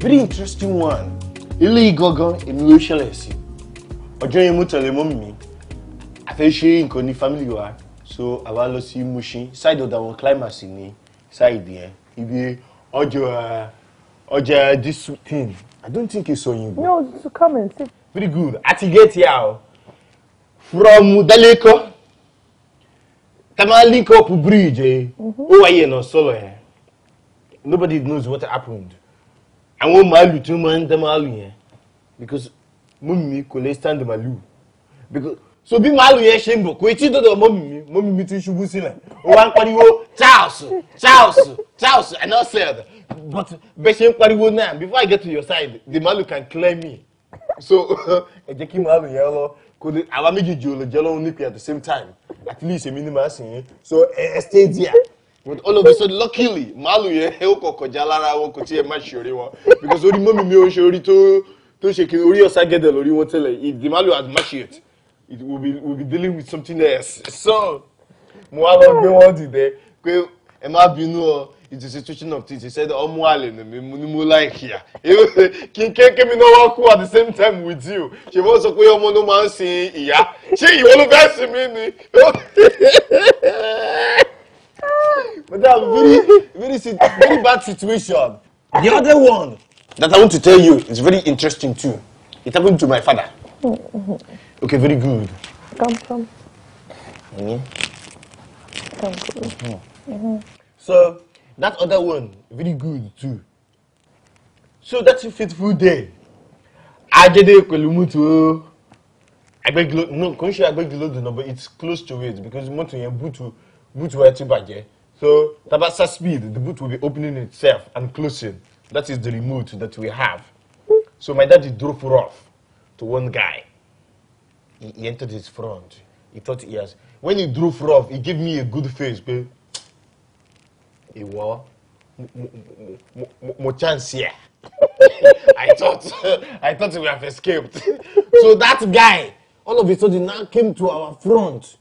very interesting one ilé gangan èmi ló ṣẹlẹ̀ sí ọjọ́ yẹn mo tẹ̀lé mọ́ mi a fẹ́ ṣe nǹkan ní family wa so àwa lọ sí Mushin side ọ̀dà wọn climax ní side yẹn ibi ọjọ́ ara ọjà this thing i don't think it's oyinbo. no so come and sit. very good ati get here o from daleko tama link up bridge eh mm-hmm. ó wáyé náà sọlọ yẹn nobody knows what happened àwọn màálù tí wọ́n máa ń dá màálù yẹn because mọ́mí kò lè stand màálù because so bí màálù yẹn ṣe ń bọ̀ kò etí dọ̀dọ̀ mọ́mí mi mọ́mí mi ti ṣubú sílẹ̀ ó wá ń pariwo Charles Charles Charles I but bẹ́ẹ̀ ń pariwo náà before I get to your side the malu can clear me so ẹ jẹ́ kí malu yẹn lọ kò ní àwa méjì jò lè jẹ́ lọ́wọ́ nípìn at the same time at least èmi ni màá sìn yín so ẹ ẹ stay there but all of a sudden luckily malu yẹn ó kọ̀ kọjá lára wọn kò tí ẹ má ṣe wọn because orí mọ́mí mi ò ṣe orí tó tó ṣe kí orí ọ̀sá gẹ́dẹ̀ lórí wọn tẹ́lẹ̀ if the malu had matched it it will be will be dealing with something else so mo wá lọ gbé wọn dìde pé ẹ má bínú ọ it a situation of things he said ọmọ àlè ni mo like ya kí kémi náà wá kú at the same time with you ṣe fọ́ sọ pé ọmọ ló máa ń sin ìyá ṣé ìwọ ló fẹ́ sin mí ni. madam very very very bad situation. the other one that I want to tell you is very interesting too it happened to my father. okay very good. come come. Yeah. Mm-hmm. Thank you. Mm-hmm. Mm-hmm. So, That other one, very good too. So that's a faithful day. Ajede Pelumutu. Agbegilo oh, no kò ń ṣe agbegilo dùnà but it's close to it because mọ́tò yẹn bútu bútu ẹ ti bàjẹ́. So tabasa speed the boot will be opening itself and closing. That is the remote that we have. So my daddy drove off to one guy. He, he entered his front. He thought he has. When he drove off, he gave me a good face. Babe ìwọ mo chance here i thought i thought we have escaped so that guy all of a sudden now came to our front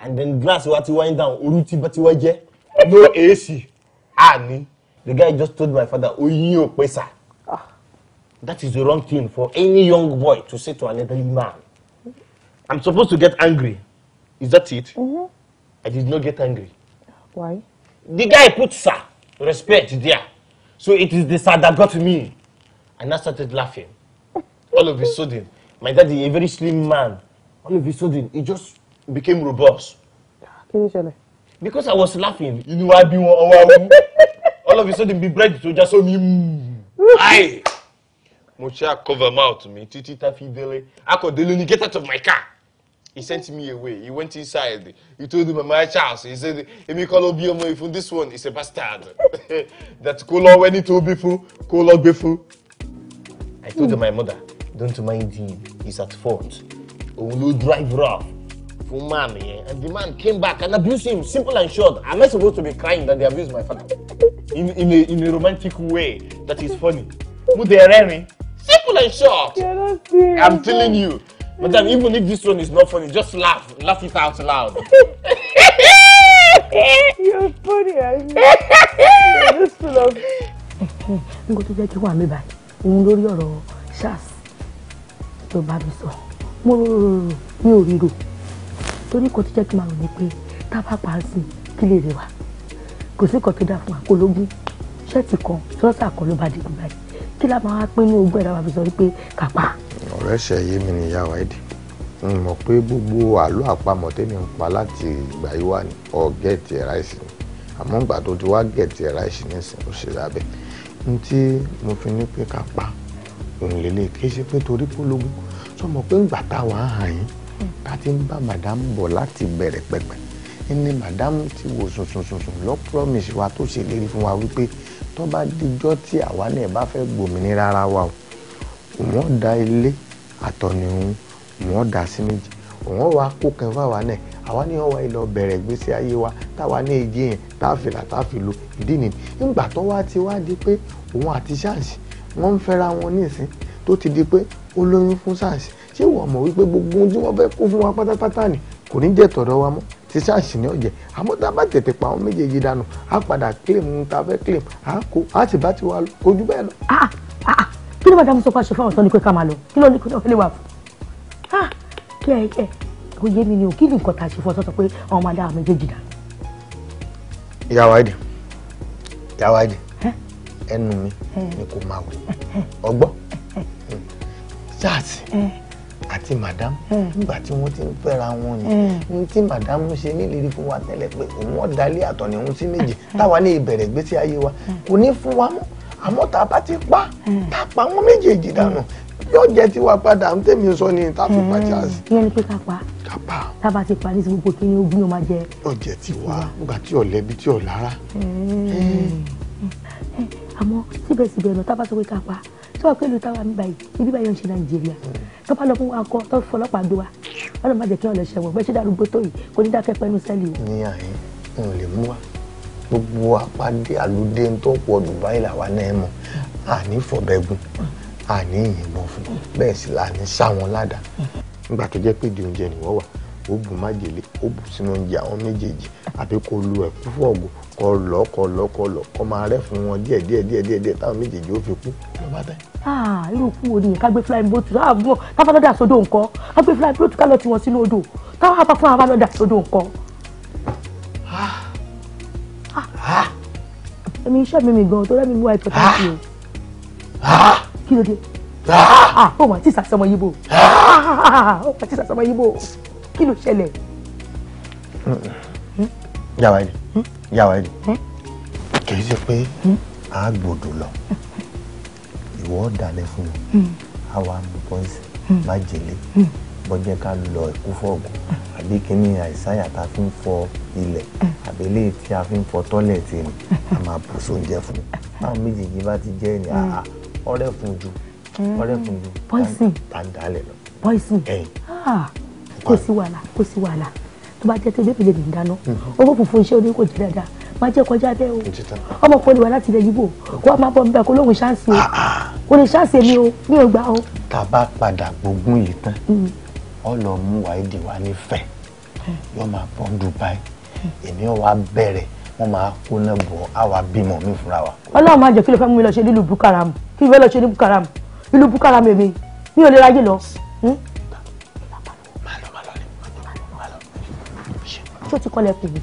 and then glass wa ti wind down oru ti ba ti wa jẹ no ac ani the guy just told my father oyin o pe sa ah. that is the wrong thing for any young boy to say to an elderly man i'm supposed to get angry is that it mm -hmm. i did not get angry why The guy put sir, respect there. So it is the sir that got me. And I started laughing. All of a sudden, my daddy, a very slim man, all of a sudden, he just became robust. Because I was laughing, you know, I be one All of a sudden, be bread to just me. I, Mo ṣe cover mouth mi titi tá fi délé. Akọ̀ délé ni get out of my car. He sent me away. He went inside. He told him, my child. He said, Emi kolo bi ọmọ ifun. This one is a bastard. That kolo weni to bi fun, kolo gbe fun. I told my mother, don't mind him. He's at fault. Òun ló drive rough fún man yẹn. And the man came back and abused him. Simple and short. Am I supposed to be crying that they abused my father? In, in, a, in a romantic way that is funny. Mo dey rẹ́rìn. Simple and short. Yeah, I'm telling you. But then, even if this one is not funny, just laugh. Laugh it out loud. You're funny, I mean. You're just full of. Nǹkan tó jẹ́ kí wà mí báyìí, òun lórí ọ̀rọ̀ SARS tó bá mi sọ. Mo rò rò rò mi ò ríro. Torí kan tó jẹ́ kí n máa rò ní pé tábà pa á sí kí lè rẹwà. Kò sí kan tó dáa fún àkólógún. Ṣẹ́ẹ̀tì kan, sọ́ọ̀sà kan ló bá dé báyìí. Kí lá máa pín ní ogún ẹ̀dá wa fi sọ wípé kàpá ọ̀rẹ́ ṣe yé mi nìyá wa ẹ̀dì n mọ̀ pé gbogbo àlọ́ àpamọ̀ tẹ́mi ń pa láti ìgbà yìí wà ní ọ̀gẹ́ẹ̀tì ẹ̀rá ìsìn àmọ́ ìgbà tó ti wá gẹ̀ẹ́tì ẹ̀rá ìsìn nísìn ó ṣe lábẹ́ n tí mo fi ní pé ká pa òǹlẹ̀lẹ̀ kì í ṣe pé torí polówó sọ mọ̀ pé ńgbà táwa hàn yín ká ti ń bá màdámù bọ̀ láti bẹ̀rẹ̀ pẹ̀pẹ̀ ní màdámù ti wò sùnsùnsùn lọ promise wa tó ṣèlérí fún wa wípé tó bá dijọ́ tí àwa náà bá fẹ́ gbòmìnira ara wa o wọ́n da ilé àtọ̀nìhun wọ́n dà sí méjì wọ́n wá kó kan fáwa náà àwa ní ọwọ́ ìlọ bẹ̀rẹ̀ gbèsè ayé wa táwa ní igi yẹn táfìlà táfìlò ìdí nìyí nígbà tó wá ti wá di pé òun àti ṣáàṣì wọ́n ń fẹ́ra wọn nísìn tó ti di pé ó lóyún fún ṣáàṣì ṣé wọ́n mọ̀ wípé gbogbo ohun tí wọ́n fẹ́ kó fún wa pátápátá ni kò ní jẹ́ tọ̀dọ̀ wa mọ́ ti ṣáàṣì ní ọ̀jẹ̀ àmọ́ tá a bá tètè pa àwọn méjèèjì dànù á padà claim tá a fẹ́ claim á kó á sì bá ti wá lójú bẹ́ẹ̀ lọ. Ah! kí ló bá dáhùn sọ fún aṣọ fún àwọn tó ní pé ká máa lọ kí ló ní kó lè wà fún. kí ẹ kẹ yé mi ni o kí ni nǹkan tá a ṣe fún ọ sọ pé àwọn máa dá àwọn méjèèjì dà. ìyàwó àìdè ìyàwó àìdè ẹnu mi ni kò máa wò ọgbọ́n ṣáàtì àti madam nígbà tí wọ́n ti ń fẹ́ra wọn ni ní tí madam ṣe nílérí fún wa tẹ́lẹ̀ pé òun ọ̀dálẹ̀ àtọ̀nìhun sí méje táwa ní ìbẹ̀rẹ̀ gbé ayé wa kò ní fún wa mọ́ àmọ́ tá a bá ti pa tá a pa wọn méjèèjì dànù yóò jẹ́ tiwa padà ń tèmi sọ ni tá a fi pa chance. Hmm. ìyẹn ni pé ká pa ká pa tá a bá ti parí sí gbogbo kíni ogún yóò máa jẹ. yóò jẹ tiwa nígbà tí ò lẹ́bi tí ò lára. Hmm. àmọ́ síbẹ̀síbẹ̀ ọ̀nà tá a bá sọ pé ká pa tí wọ́n pè lù táwa mi báyìí ibi báyìí ń ṣe nàìjíríà tó bá lọ fún wa kọ tó fọ ọlọ́pàá gbé wa ọlọ́pàá jẹ́ kí wọ́n lọ ṣẹ̀wọ̀n bẹ́ẹ̀ ṣe dàrúgbó tó yìí kò ní dákẹ́ pẹ́nu sẹ́ẹ̀lì. ní àyín n ò lè mú wa gbogbo apádé àlùdé tó pọ̀ Dubai làwa náà mọ̀ àní fọ̀bẹ̀gùn àní ìyìnbọn fún bẹ́ẹ̀ sì sáwọn ládàá nígbà tó jẹ́ pé di oúnjẹ nìwọ́ wà ó májèlé ó sínú oúnjẹ àwọn méjèèjì fún wọn díẹ̀ díẹ̀ díẹ̀ díẹ̀ díẹ̀ táwọn méjèèjì ó fi kú lọ́ba tẹ́. irú kú wo ni ká gbé flying boat Ah, èmi iṣẹ́ mi mi gan-an tó rẹ́mi wá ìtọ́ta sí o ah. kí ló dé ah. Ah, ó mà tí sàṣọmọ yìí bò ó mà tí sàṣọmọ yìí bò kí ló ṣẹlẹ̀. yàwá yìí yàwá yìí kì í ṣe pé hmm. a gbọ́dọ̀ lọ hmm. ìwọ dalẹ̀ fún mi àwa hmm. mú pọ́ńsì májèlé bọ́jẹ́ ká lọ ẹ̀kú fọ́ọ̀gù àbí kíní àìsáyà tá a fi ń fọ ilẹ̀ àbí eléyìí tí a fi ń fọ tọ́lẹ̀tì ni a máa bù sóúnjẹ fún un báwọn méjèèjì bá ti jẹ́ ni ọ̀rẹ́ fún ju ọ̀rẹ́ fún ju hmm. tá a lọ. poison ah, kò sí wàhálà kò sí wàhálà tó bá jẹ́ tó bébí lè dìn dáná hmm. owó funfun iṣẹ́ oníkò jẹ́ dáadáa má jẹ́ kọjá bẹ́ẹ̀ o ọmọ kan lè wá láti ilẹ̀ yíbò kó wá máa bọ̀ níbẹ̀ kó lóhùn ṣáàṣì o ah, ah. kò lè ṣáàṣì mi o mi ò gbà o. tá a bá padà gbógun yìí tán hmm ọlọ mú wáìdì wá nífẹ̀ẹ́ hmm. yóò máa pọ̀ Dubai èmi ò wá bẹ̀rẹ̀ wọ́n máa kóná bọ̀ á wá bímọ mi fúnra wa. ọlọ́run máa jẹ́ kí ló fẹ́ mú mi lọ ṣe nílùú bukaram kí ló fẹ́ lọ ṣe ní bukaram ìlú bukaram èmi mi ò lè ráyè lọ. ṣé o ti kọ́lẹ̀ pè mí.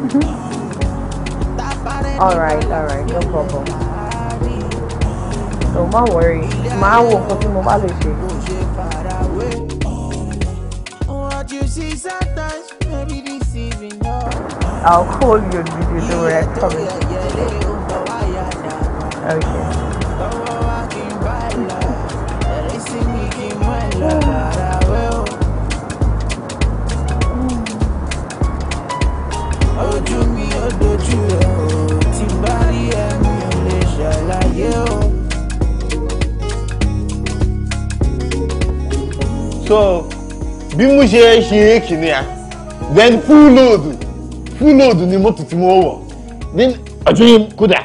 Mm-hmm. Alright, alright, no problem. So don't worry, my wo nǹkan tí mo ṣe. I'll call you and video the way I come. Okay. so bí mo ṣe ṣe é kìíní à then full load full load ni mọ́tò tí mo wọ̀ ní ọjọ́ yìí kódà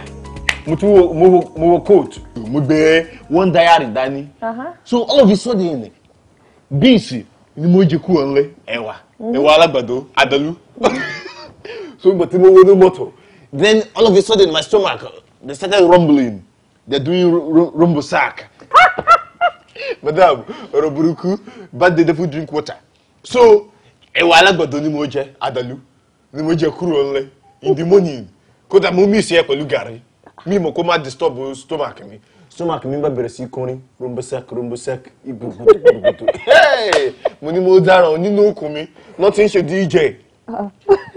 mo tún mo wọ coat mo gbé one diary dání uh-huh. so all of a sudden beans ni mo jẹ kúrò ńlẹ ẹ̀wà mm-hmm. ẹ̀wà alágbàdo àdàlú so gbọ̀tí mo wọnú mọ́tò then all of a sudden my stomach they started rumbling. they're doing rumbo sack. madam ọ̀rọ̀ burúkú bad day devil drink water. so ẹ̀wà alágbàdo ni mo jẹ àdàlú ni mo jẹ kúrò ńlẹ̀ in the morning kódà mo mí ìsẹ́ pẹ̀lú gàrí mi mọ̀ kó má disturb stomach mi stomach mi bá bẹ̀rẹ̀ sí kọrin rumbo sack rumbo sack ibùgbùgbùgbùgbù mo ní mo dáràn nínú okùn mi wọ́n ti ń ṣe DJ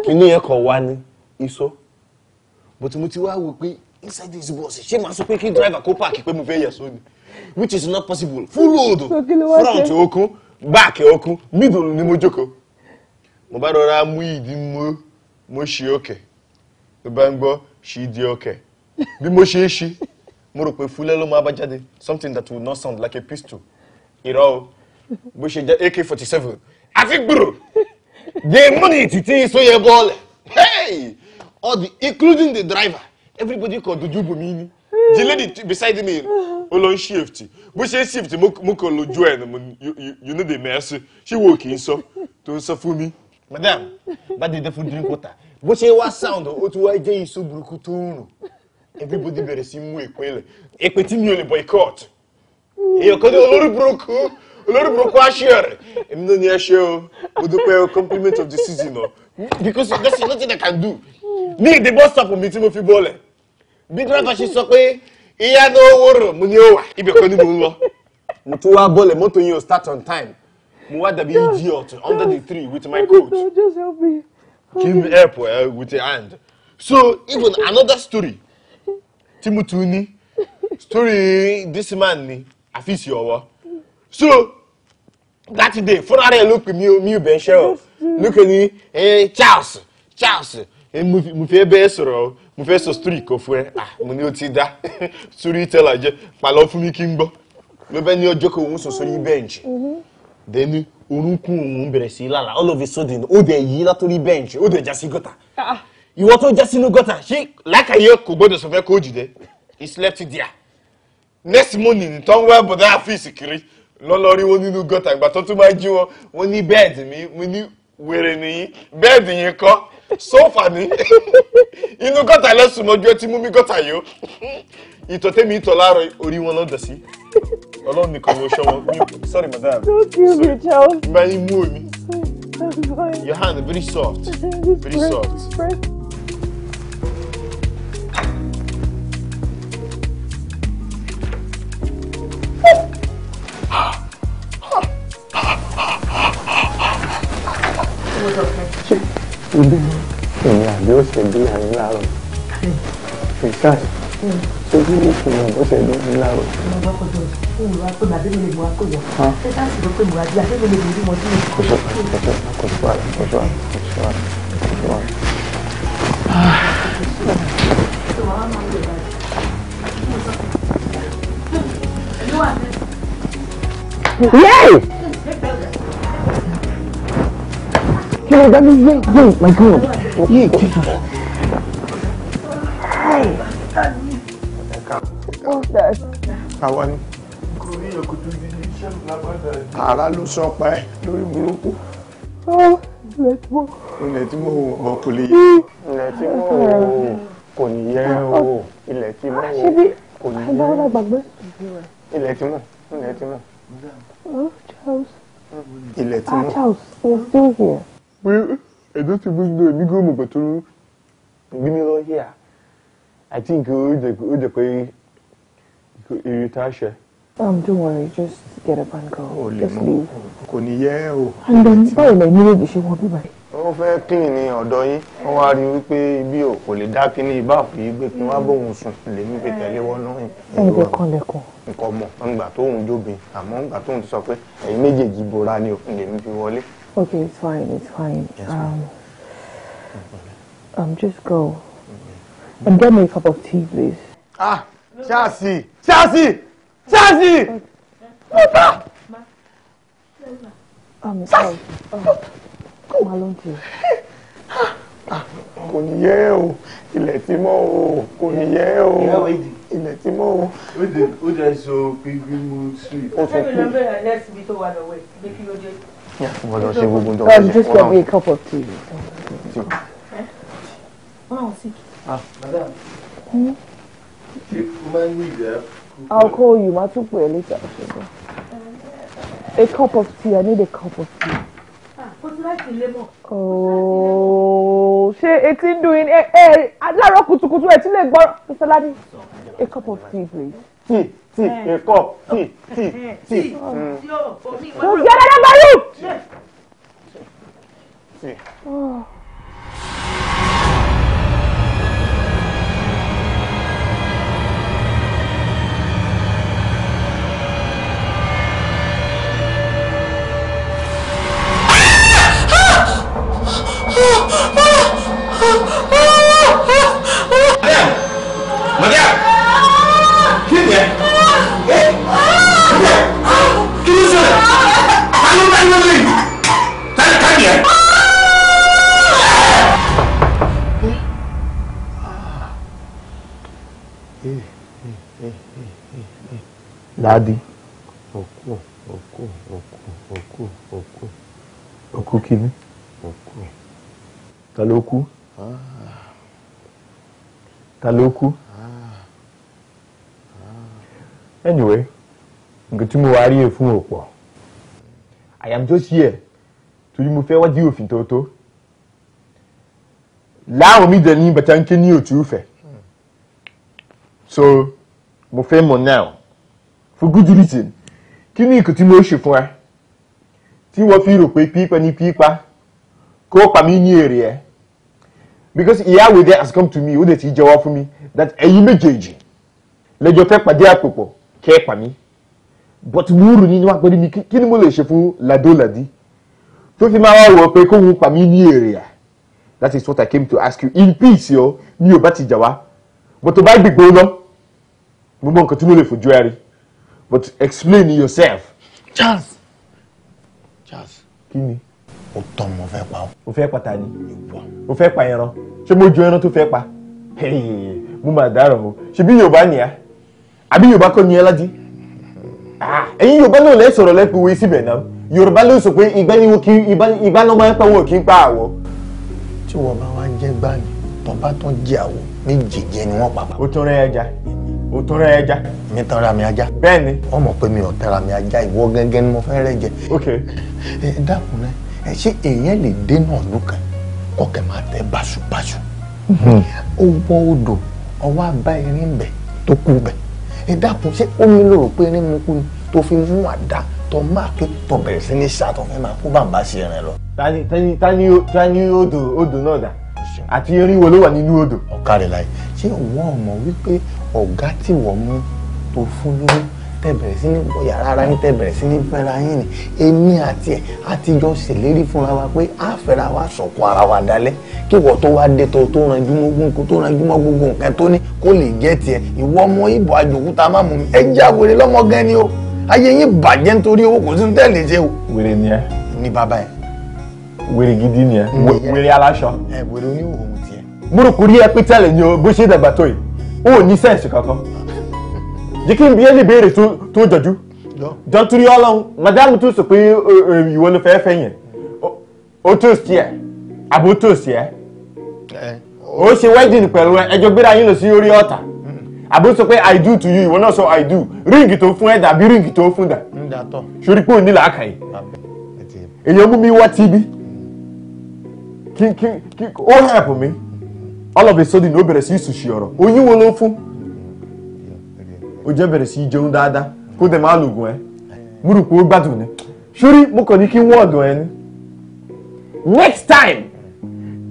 kí ni ẹ̀kọ́ wa ni iṣọ́ bọ̀tí mo ti wá wò pé inside this bus ṣé màá sọ pé kí driver kó páàkì pé mo fẹ́ yẹ̀ sóni which is not possible full load front okun back okun middle ni mo jókòó mo bá rọra mú ìdí mú mo ṣe òkè mo bá ń gbọ́ ṣe ìdí òkè bí mo ṣe é ṣe mo rò pé fúlẹ́ ló máa bá jáde something that will not sound like a pistol ìrọ̀ o bó ṣe jẹ́ ak forty seven àfi gbúrò the money títí sóyè bọ́ọ̀lù hey all the including the driver everybody kò dojú bò mí ni the lady beside me ó lọ ń shift bó ṣe shift mo kàn lójú ẹ̀ you know the mercy. ṣé wo kì í sọ tó ń sọ fún mi madam bá dédé fún drink water bó ṣe wá sound ó ti wá jẹ́ iṣu burúkú tó ń rùn everybody bẹ̀rẹ̀ sí mú èpè lẹ̀ èpè tí mi ò lè boycott èèyàn kan ní olórí burúkú olórí burúkú aṣọ rẹ̀ èmi náà ní ẹṣẹ o mo dúpẹ́ o compliment of the season o because there's nothing I can do Me, ìdí bus stop mi tí mo fi bọ́ọ̀lẹ̀ bí dírẹ́fà ṣe sọ pé ìyá náà wò rò mo ní ó wà ibẹ̀ kan ni mo ń lọ mo tún wá bọ́ọ̀lù mọ́tò yẹn ò start on time mo wá dàbí idiot under the tree with my coach give me help uh, with your hand so even another story tí mo tún ní story this man ni àfíìsì ọwọ́ so that day fúnra rẹ̀ ló pè mí o mi ò bẹ́ẹ̀ ṣe o ló ní eh, Charles Charles eh, mo fi ẹ bẹ́ẹ̀ sọ̀rọ̀ o mo fẹ́ sọ story kan fún ẹ ah, mo ní o ti dá story teller jẹ palọ fún mi kí n gbọ́ ló bẹ ní ọjọ́ kan òun sọ̀sọ̀ yí bẹ́ǹchì dẹ́ni mm-hmm. orúnkún òun bẹ̀rẹ̀ sí lálà all of a sudden ó dẹ̀ yí látòrí bẹ́ǹchì ó dẹ̀ já sí gọ́tà ah. ìwọ tó já sínú gọ́tà ṣé lákàyè kò gbọ́dọ̀ sọ fẹ́ kó jù he slept there next morning tó ń wá bọ̀dá àfíìsì kiri lọ́lọ́rí wọn nínú gọ́tà ìgbà tó tún máa jí wọn wọn ní bẹ́ẹ̀dì mi mo ní wèrè nìyí bẹ́ẹ̀dì yẹn kọ́ sọ́ọ̀fà ní inú gọ́tà lẹ́sùn mọ́jú ẹ ti mú mi gọ́tà yó ìtọ̀ tẹ́mi ìtọ̀ láàárọ̀ orí wọn lọ́dọ̀ sí ọlọ́run nìkan ló ṣọ́ wọn sorry madam don't kill me Charles máa ń mú omi your hand very soft very soft. Check ṣe èmi àbí ó ṣe bí àyín láàárọ̀ ìṣá ṣe bí ó ṣe mọ̀ bó ṣe bí àyín láàárọ̀. Yay! Hey, that is me. wait, my God. Yeah, Jesus. Hey. What's that? Kawan. Ara ló sọ pa ẹ́ lórí burúkú. Oh, ilẹ̀ tí mo wò ó kò lè yẹ. Hmm. Ilẹ̀ tí mo wò ó kò ní yẹ o. Ilẹ̀ tí mo wò ó kò ní yẹ o. Ilẹ̀ tí mo ilẹ̀ tí mo. Oh, ilẹ̀ tí mo. Ah, Charles, you're still here we I don't suppose do a big home but to give me I think you uh, oh, the you oh, the pay you uh, tasha. Um, don't worry, just get up and go. Oh, just leave. Kò ní yẹ o. And then báwo lẹ ní èdè ṣe wọ bíbá yìí? Wọ́n fẹ́ clean ní ọ̀dọ̀ yín. Wọ́n wá rí wípé ibi ò kò lè dá kí ibà fún yín gbé kí wọ́n hmm. bóun sùn lè ní fi tẹ̀lé wọn náà. Ẹ̀ẹ́dẹ̀ kan lẹ̀kùn. Nǹkan mọ̀, ńgbà tóun jóbin, àmọ́ ńgbà tóun ti sọ pé ẹ̀yin méjèèjì bora ni òfin lèmi fi wọlé. Okay, it's fine, it's fine. Yes, um, um, just go. Okay. And get me a cup of tea, please. Ah, Chelsea! Chelsea! Chelsea! Mother! Um, Chelsea! Oh, go alone, please. kò ní yẹ o ilẹ̀ tí mọ́ o kò ní yẹ o ilẹ̀ tí mọ́ o. ó dẹ̀ sọ pé bí mo sùn. ó sọ pé. ẹ bí lọ́nbẹ̀rẹ̀ lẹ́sìn bí tó wà lọ́wọ́ ẹ̀ bí kí ló dé wọ́n lọ ṣe gbogbo ǹjọ́ wọ́n ṣe wọ́n náà cup of tea. I'll call you. Màá tún pè é later. A cup of tea. I need a cup of tea. Oh, ṣe etí ń dùn yín ẹ ẹ láàárọ̀ kùtùkùtù ẹ ti lè gbọ́ Mr. Ladi, a cup of tea please. Hmm. si, e kop, si, si, si. Mou gya la la bayou! Si. Ah! Ah! Ah! Ah! Ah! Ah! dadi òkú òkú òkú òkú òkú òkú kini òkú ta ló kú ta ló kú anyway nǹkan tí mo wá rí è fún òpọ̀. I am just here torí mo fẹ́ wá dí òfin tòótọ́ láwọn mi dẹ̀ ní bàtà ń ké ní òtún fẹ́ so mo fẹ́ mọ̀ now for good reason kí ni ìkùtì mo ṣe fún ẹ tí wọ́n fi rò pé pípa ní pípa kó pa mí ní èrè ẹ because ìyáwó there has come to me ó dẹ̀ ti jẹ́wọ́ fún mi that ẹ̀yin méjèèjì lẹ́jọ́ fẹ́ pàdé àpòpọ̀ kẹ́ ẹ̀ pa mí but wúrù ni wọ́n pẹ̀lú mi kí ni mo lè ṣe fún ladoladi tó fi máa wá wọ̀ pé kóhun pa mí ní èrè à that is what I came to ask you in peace yọ mi ò bá ti jà wá but tó bá gbìgbó lọ mo mọ nǹkan tí mo lè fojú ẹ rí but explain yourself. Charles Charles. kí ni. o tọ́ mo fẹ́ pa o. o fẹ́ pa ta ni. o fẹ́ pa ẹran ṣé mo jọ ẹran tó fẹ́ pa mo máa dárò o ṣebí Yorùbá nìyà àbí Yorùbá kọ́ ni ẹ lájí. Ah. ẹ̀yin yorùbá náà lẹ́ sọ̀rọ̀ lẹ́pẹ̀wé síbẹ̀ náà yorùbá ló sọ pé ìgbà ni wọn kì í ìbá náà máa ń pẹ́wọ́ kì í pa àwọ̀. tí wọn bá wá jẹ gbàgbé tó jẹ ni wọn pàpà. o tún rẹ ẹja o tún rẹ ẹja. mi tan ra mi ajá. mi ò mi ajá ìwọ gẹ́gẹ́ ni mo fẹ́ rẹ jẹ. ok. ẹ dákun náà ẹ èèyàn lè kan kọkẹ máa tẹ hmm. wọ odò abá irin tó ẹ dákun ṣé omi ló rò pé ní mu kú ni tó fi mú àdá tó máa ké tó bẹ̀rẹ̀ sí ní ṣàtọ̀ fẹ́ máa kó bàbá ṣe rìn lọ. tani tani tani tani odò odò náà dà àti erin wo ló wà nínú odò. ọ̀kadì láì ṣé ìwọ ọmọ wípé ọ̀gá tí wọ́n mú tó fún lóyún tẹ́ bẹ̀rẹ̀ sí ní wọ yàrá yín tẹ́ sí ní fẹ́ra yín ni èmi àti ẹ̀ àtijọ́ ṣèlérí fúnra wa pé a fẹ́ra wa sọ̀kò ara wa dalẹ̀ kí wọ́n tó wá dé tó tó ranjú mọ́ gbogbo tó ranjú mọ́ gbogbo nǹkan tó ní kó lè jẹ́ tiẹ̀ ìwọ ọmọ ìbò àjòkúta má mú mi ẹ jẹ́ àwòrán lọ́mọ gan ni o ayé yín bàjẹ́ nítorí owó kò sí ní tẹ́lẹ̀ ṣe o. wèrè ni ẹ. ní bàbá ẹ. wèrè gidi ni ẹ wèrè aláṣọ. ẹ wèrè oníwòhùn tiẹ. múrùkù rí ẹ pé tẹ́lẹ̀ ni o bó ṣe dàgbà tó yìí o ò ní sẹ́ẹ̀sì kankan jẹ́ kí n bí ẹni béèrè tó jọjú jọ torí ọlọ́run madam tún sọ pé ìwọ ló fẹ́ẹ́ fẹ́ yẹn ó tó sí ẹ àbó tó sí ẹ ó ṣe wedding pẹ̀lú ẹ ẹjọ́ gbéra yín lọ sí orí ọ̀tà hmm. àbó sọ pé i do to you ìwọ náà sọ i do ríǹgì tó fún ẹ dàbí ríǹgì tó fún dà hmm, sórí pé ò ní làákàyè èèyàn mú mi wá tíbí hmm. kí kí kí ó help mi all of a sudden ó bẹ̀rẹ̀ sí ìsùsì ọ̀rọ̀ oyún wo ló fún o jẹ́ bẹ̀rẹ̀ sí jẹun dáadáa kó tẹ̀ máa lògùn ẹ mo rò pé ó gbádùn ni sórí mo kàn ní kí wọ́n ọ̀dọ̀ ẹ ní. next time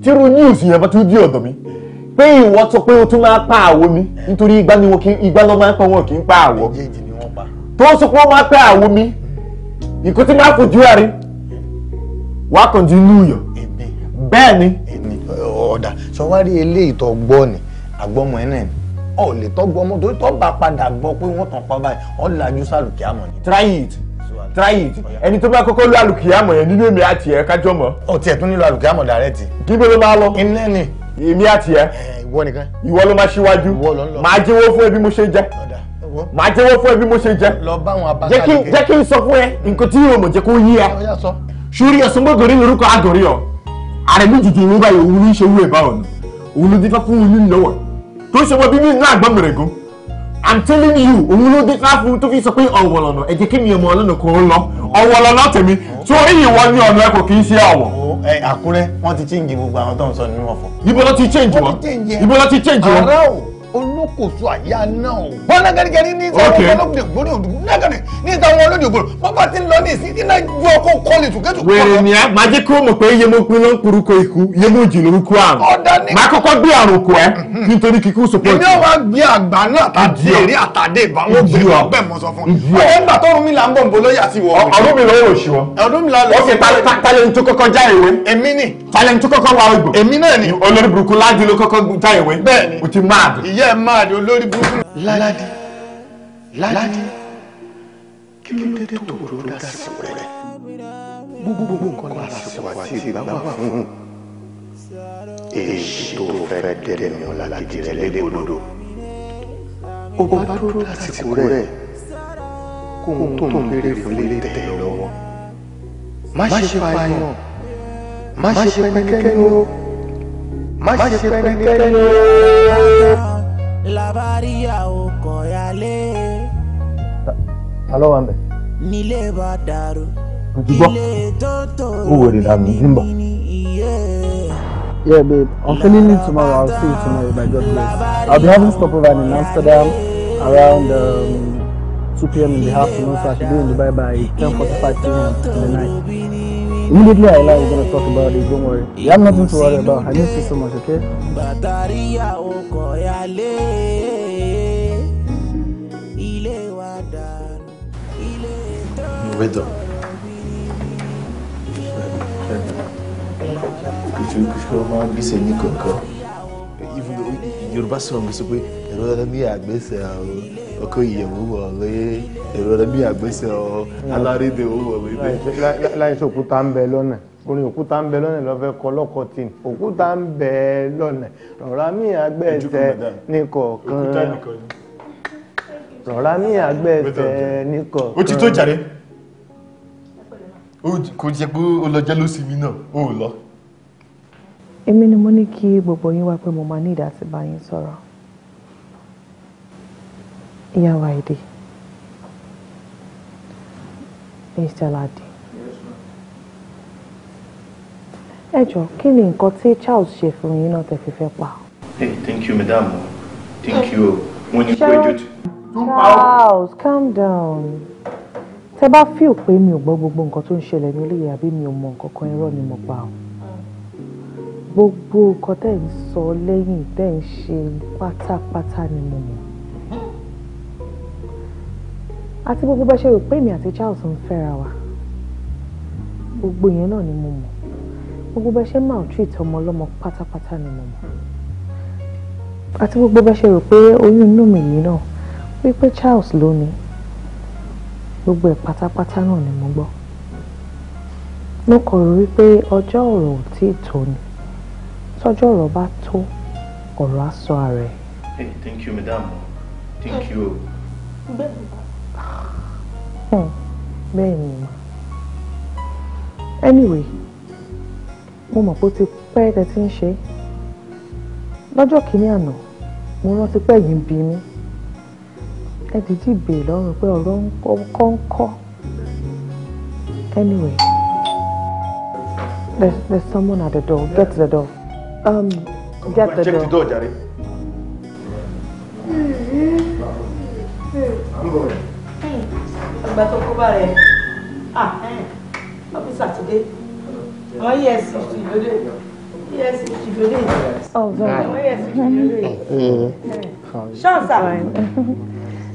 tírú news yẹn bá tún dé ọ̀dọ̀ mi pé ìwọ sọ pé o tún máa pa àwo mi nítorí igbá ni wọn kì í lọ máa ń pa wọn kì í pa àwo tó sọ pé wọn máa pa àwo mi ìkó tí máa fojú ẹ rí wà á kàn di inú yọ bẹ́ẹ̀ ni. ọ̀dà sọ wá rí eléyìí tó gbọ́ ni àgbọ́mọ ẹ náà ni ọ̀ lè tọ́gbọ́ ọmọ torí tọ́ bá padà gbọ́ pé wọ́n tàn pa báyìí ọ̀ lajú sálùkìámọ̀ ni. try it try it ẹni tó bá kọ́kọ́ lọ àlùkìámọ̀ yẹn nínú èmi àti ẹ̀ kájọ́ mọ́. ó tiẹ̀ tún nílò àlùkìámọ̀ dàrẹ́tì. kí ló ló máa lọ. iná ni. èmi àti ẹ. ìwọ nìkan. ìwọ ló máa ṣíwájú. ìwọ ló ń lọ. máa jẹ́wọ́ fún ẹ bí mo ṣe jẹ́ màá jẹ́wọ́ fún ẹ bí mo ṣe jẹ́ jẹ́ kí n sọ fún ẹ nǹkan tí yóò mọ̀ jẹ́ kó yí ẹ sórí ẹ̀sùn gbọ́gòrí lórúkọ àgòrí ọ àrẹ méjìdínlógún báyìí òun ní í ṣe wú ẹ̀ báwọn òun ló dífá fún un ní ìnáwó tó ṣe wọ bíbí náà gbọ́n mèrè gùn i'm telling you òun ló dé káfù tó fi sọ pé ọ̀wọ̀ lọ́nà ẹ jẹ́ kí mi ọmọ ọlọ́nà kò ń lọ ọ̀wọ̀ lọ́nà tèmi tó ìyìn wọn ní ọ̀nà ẹ kò kì í ṣe ọ̀wọ̀. ẹ Àkúrẹ́ wọ́n ti change gbogbo àwọn tó ń sọ nínú ọ̀fọ̀. ibo ló ti change wọn ibo ló ti change wọn olókòso àyà náà o. wọn lágẹrẹgẹrẹ ní ìtàwọn olóògbé ògbóni òdùnkún lágẹrẹ ní ìtàwọn olóògbé ògbóni wọn bá ti lọ ní ìsìn iná ju ọkọ kọlì tùkẹ́tù. wèrè ni a máa jẹ́ kí wọ́n mọ̀ pé yémo pin ló ń kurukọ ikú yémo jì lórúkọ àrùn. ọ̀dà ni máa kọ́kọ́ gbé àrùn kọ ẹ́ mhm. nítorí kíkú support. èmi ò wá gbé àgbà náà ẹ̀ máa dùn lórí burúkú. ládì ládì kí ló dé tó rò dásìkò rẹ gbogbo nǹkan lásìkò àti ìgbà wà fún un èyí tó fẹ́ dẹ́rẹ́ mi ọ̀la gidi rẹ lédè gbọdọ̀ ó bá dúró lásìkò rẹ kó ohun tó ń béèrè fún lè tẹ̀ lọ́wọ́ má ṣe pààyàn má ṣe pẹ́nikẹ́ni o má ṣe pẹ́nikẹ́ni o labaríyà ò kọ̀yálé. alọ́ wa ń bẹ̀. nílé bá dàrú. ojúbọ o wèrè dànù nígbà. Yeah, babe. I'm feeling it tomorrow. I'll see you tomorrow by God's grace. I'll be having stopover in Amsterdam around um, 2 p.m. in the afternoon, so I should be in Dubai by 10:45 p.m. in the night. Immediately I realized gonna talk about it, don't worry. You have nothing to worry about. I need you so much, okay? Wait up. Kìtù kìtù máa ń gbèsè ní kankan. Yorùbá sọ̀rọ̀ mi sọ pé ẹ̀rọ ẹlẹ́mìí àgbẹ̀sẹ̀ àwọn ọkọ ìyẹ̀wò wọlé èrò rẹ bí àgbẹ̀sẹ̀ ọ alárédè ó wọlé dé. láìsí òkúta ń bẹ lọ́nà orin òkúta ń bẹ lọ́nà lọ́fẹ́ kọ lọ́kọ tí ní òkúta ń bẹ lọ́nà rọ̀rá mi àgbẹ̀sẹ̀ ní rọ̀rá mi àgbẹ̀sẹ̀ ní kọ̀ọ̀kan. ti tó jàre kò jẹ́ pé ó lọ jẹ́ lóṣìmí náà ó lọ. èmi ni mo ní kí gbogbo yín wá pé mo máa ní ìdásí bá yín sọ̀rọ̀. Yawaidi. Mr. Ladi. Ẹ jọ̀ọ́, kí ni nǹkan tí Charles ṣe fún yín pa? Hey, thank you, madam. Thank you. When you kó ẹjọ́ Charles, calm down. Tẹ́ bá fíò pé mi ò gbọ́ gbogbo nǹkan tó ń ṣẹlẹ̀ nílé yìí àbí mi ò mọ nǹkan kan irọ́ ni mo pa o. Gbogbo nǹkan tẹ́ ń sọ lẹ́yìn tẹ́ ń ṣe pátápátá ni mo àti gbogbo bá ṣe rò pé èmi àti Charles ń fẹ́ra wa gbogbo yẹn náà ni mo mọ̀ gbogbo bá ṣe máa tú ìtọ́ ọmọ ọlọ́mọ pátápátá ni mo mọ̀ àti gbogbo bá ṣe rò pé oyún inú mi yìí náà wípé Charles ló ní gbogbo ẹ̀ pátápátá náà ni mo gbọ́ mo kàn rò wípé ọjọ́ ọ̀rọ̀ ò tí ì tó ni tọ́jọ́ ọ̀rọ̀ bá tó ọ̀rọ̀ á sọ ara Hey, thank you madam thank you bẹ́ẹ̀ ni mà anyway mo mọ̀ pé ó ti pẹ́ tẹ́ ti ń ṣe lọ́jọ́ kìíní àná mo rántí pé yìí ń bí mi ẹ dìídì bèè lọ́rùn pé ọ̀rọ̀ ń kọ́ ń kọ́ anyway there's, there's someone at the door get to the door um, get the door. check the door jare. -hmm. -hmm àgbà tó kó bá rẹ̀ ọ́fíìsì àtúndé wọ́n yí e ẹ̀sìn ìtìjọ́dé yí e ẹ̀sìn ìtìjọ́dé wọ́n yí e ẹ̀sìn ìtìjọ́dé ṣọ́ọ̀sà.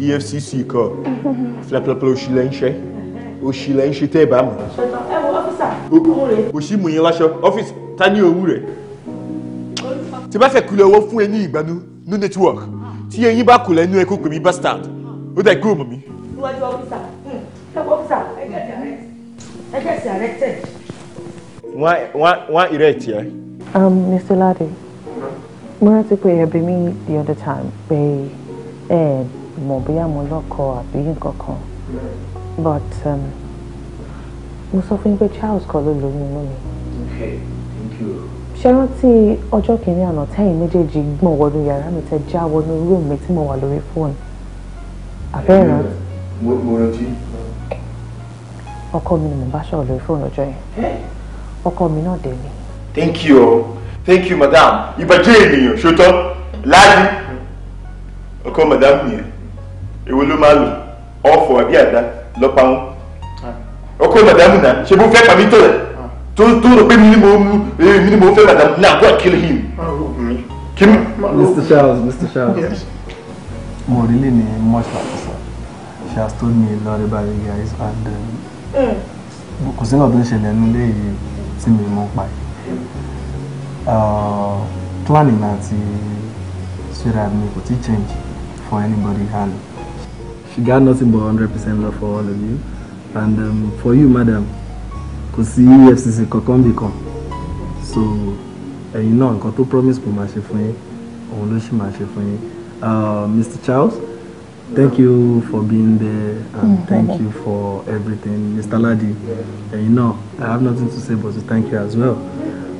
EFCC kọ flapilapila òṣìlẹ̀ ń ṣe òṣìlẹ̀ ń ṣe tẹ́ ẹ bá mọ̀. ẹ wo ọ́fíìsà owó rẹ̀. òṣìmù yín láṣọ ọ́fíìsì ta ní owó rẹ̀. tí bá fẹ́ kulẹ̀ owó fún ẹ ní ìgbanú ní network tí eyín bá kulẹ̀ nú ẹ kó pè mí bastard ó dẹ̀ kúrò mọ̀ mí. iwájú ọ́fíìsà Why gẹ̀ẹ́sì arrested. wọ́n erect yẹ. Mr. Ladi, mo rántí pé ẹbí mi the other time pé ẹ mọ̀ bóyá mo lọ́kọ àbí nǹkan kan but um, mo sọ fún yín pé Charles kọ́ ló lóyún inú mi. okay thank you. ṣé rántí ọjọ́ kìíní àná tẹ́yìn méjèèjì gbọ̀n wọnú yàrá mi tẹ́ já wọnú rúùmù mi tí mo wà lórí fóònù àbẹ́rẹ́. mo rántí ọkọ mi ni mo bá sọ̀rọ̀ lórí fóònù ọjọ́ yẹn ọkọ mi náà dẹ̀ ni. thank you o thank you madam ìbàjẹ́ ènìyàn ṣòtọ́ láàyè ọkọ madam yẹn èwo ló máa lò ọ̀fọ̀ àbí àdá lọ́pàá wọn ọkọ madam náà ṣe bó fẹ́ pàmí tó rẹ̀ tó tó rò pé mi ni mo eh, mi mo fẹ́ madam náà go and kill him. kí ni. mr charles mr charles. Yes. Morilini Moshla, she has told me a lot about you guys and um, kò sí nǹkan tó ń ṣẹlẹ̀ nínú ilé yìí tí mi mọ̀ pa yìí uh, planning àti ṣíra mi kò tí change for anybody and she got nothing but hundred percent love for all of you and um, for you madam kò sí EFCC kankan bì kan so ẹ̀yin náà nǹkan tó promise kò máa ṣe fún yín òun ló ṣì máa ṣe fún yín uh, Mr. Charles. Thank you for being there and mm, thank you for everything. Mr. Ladi, you know, I have nothing to say but to thank you as well.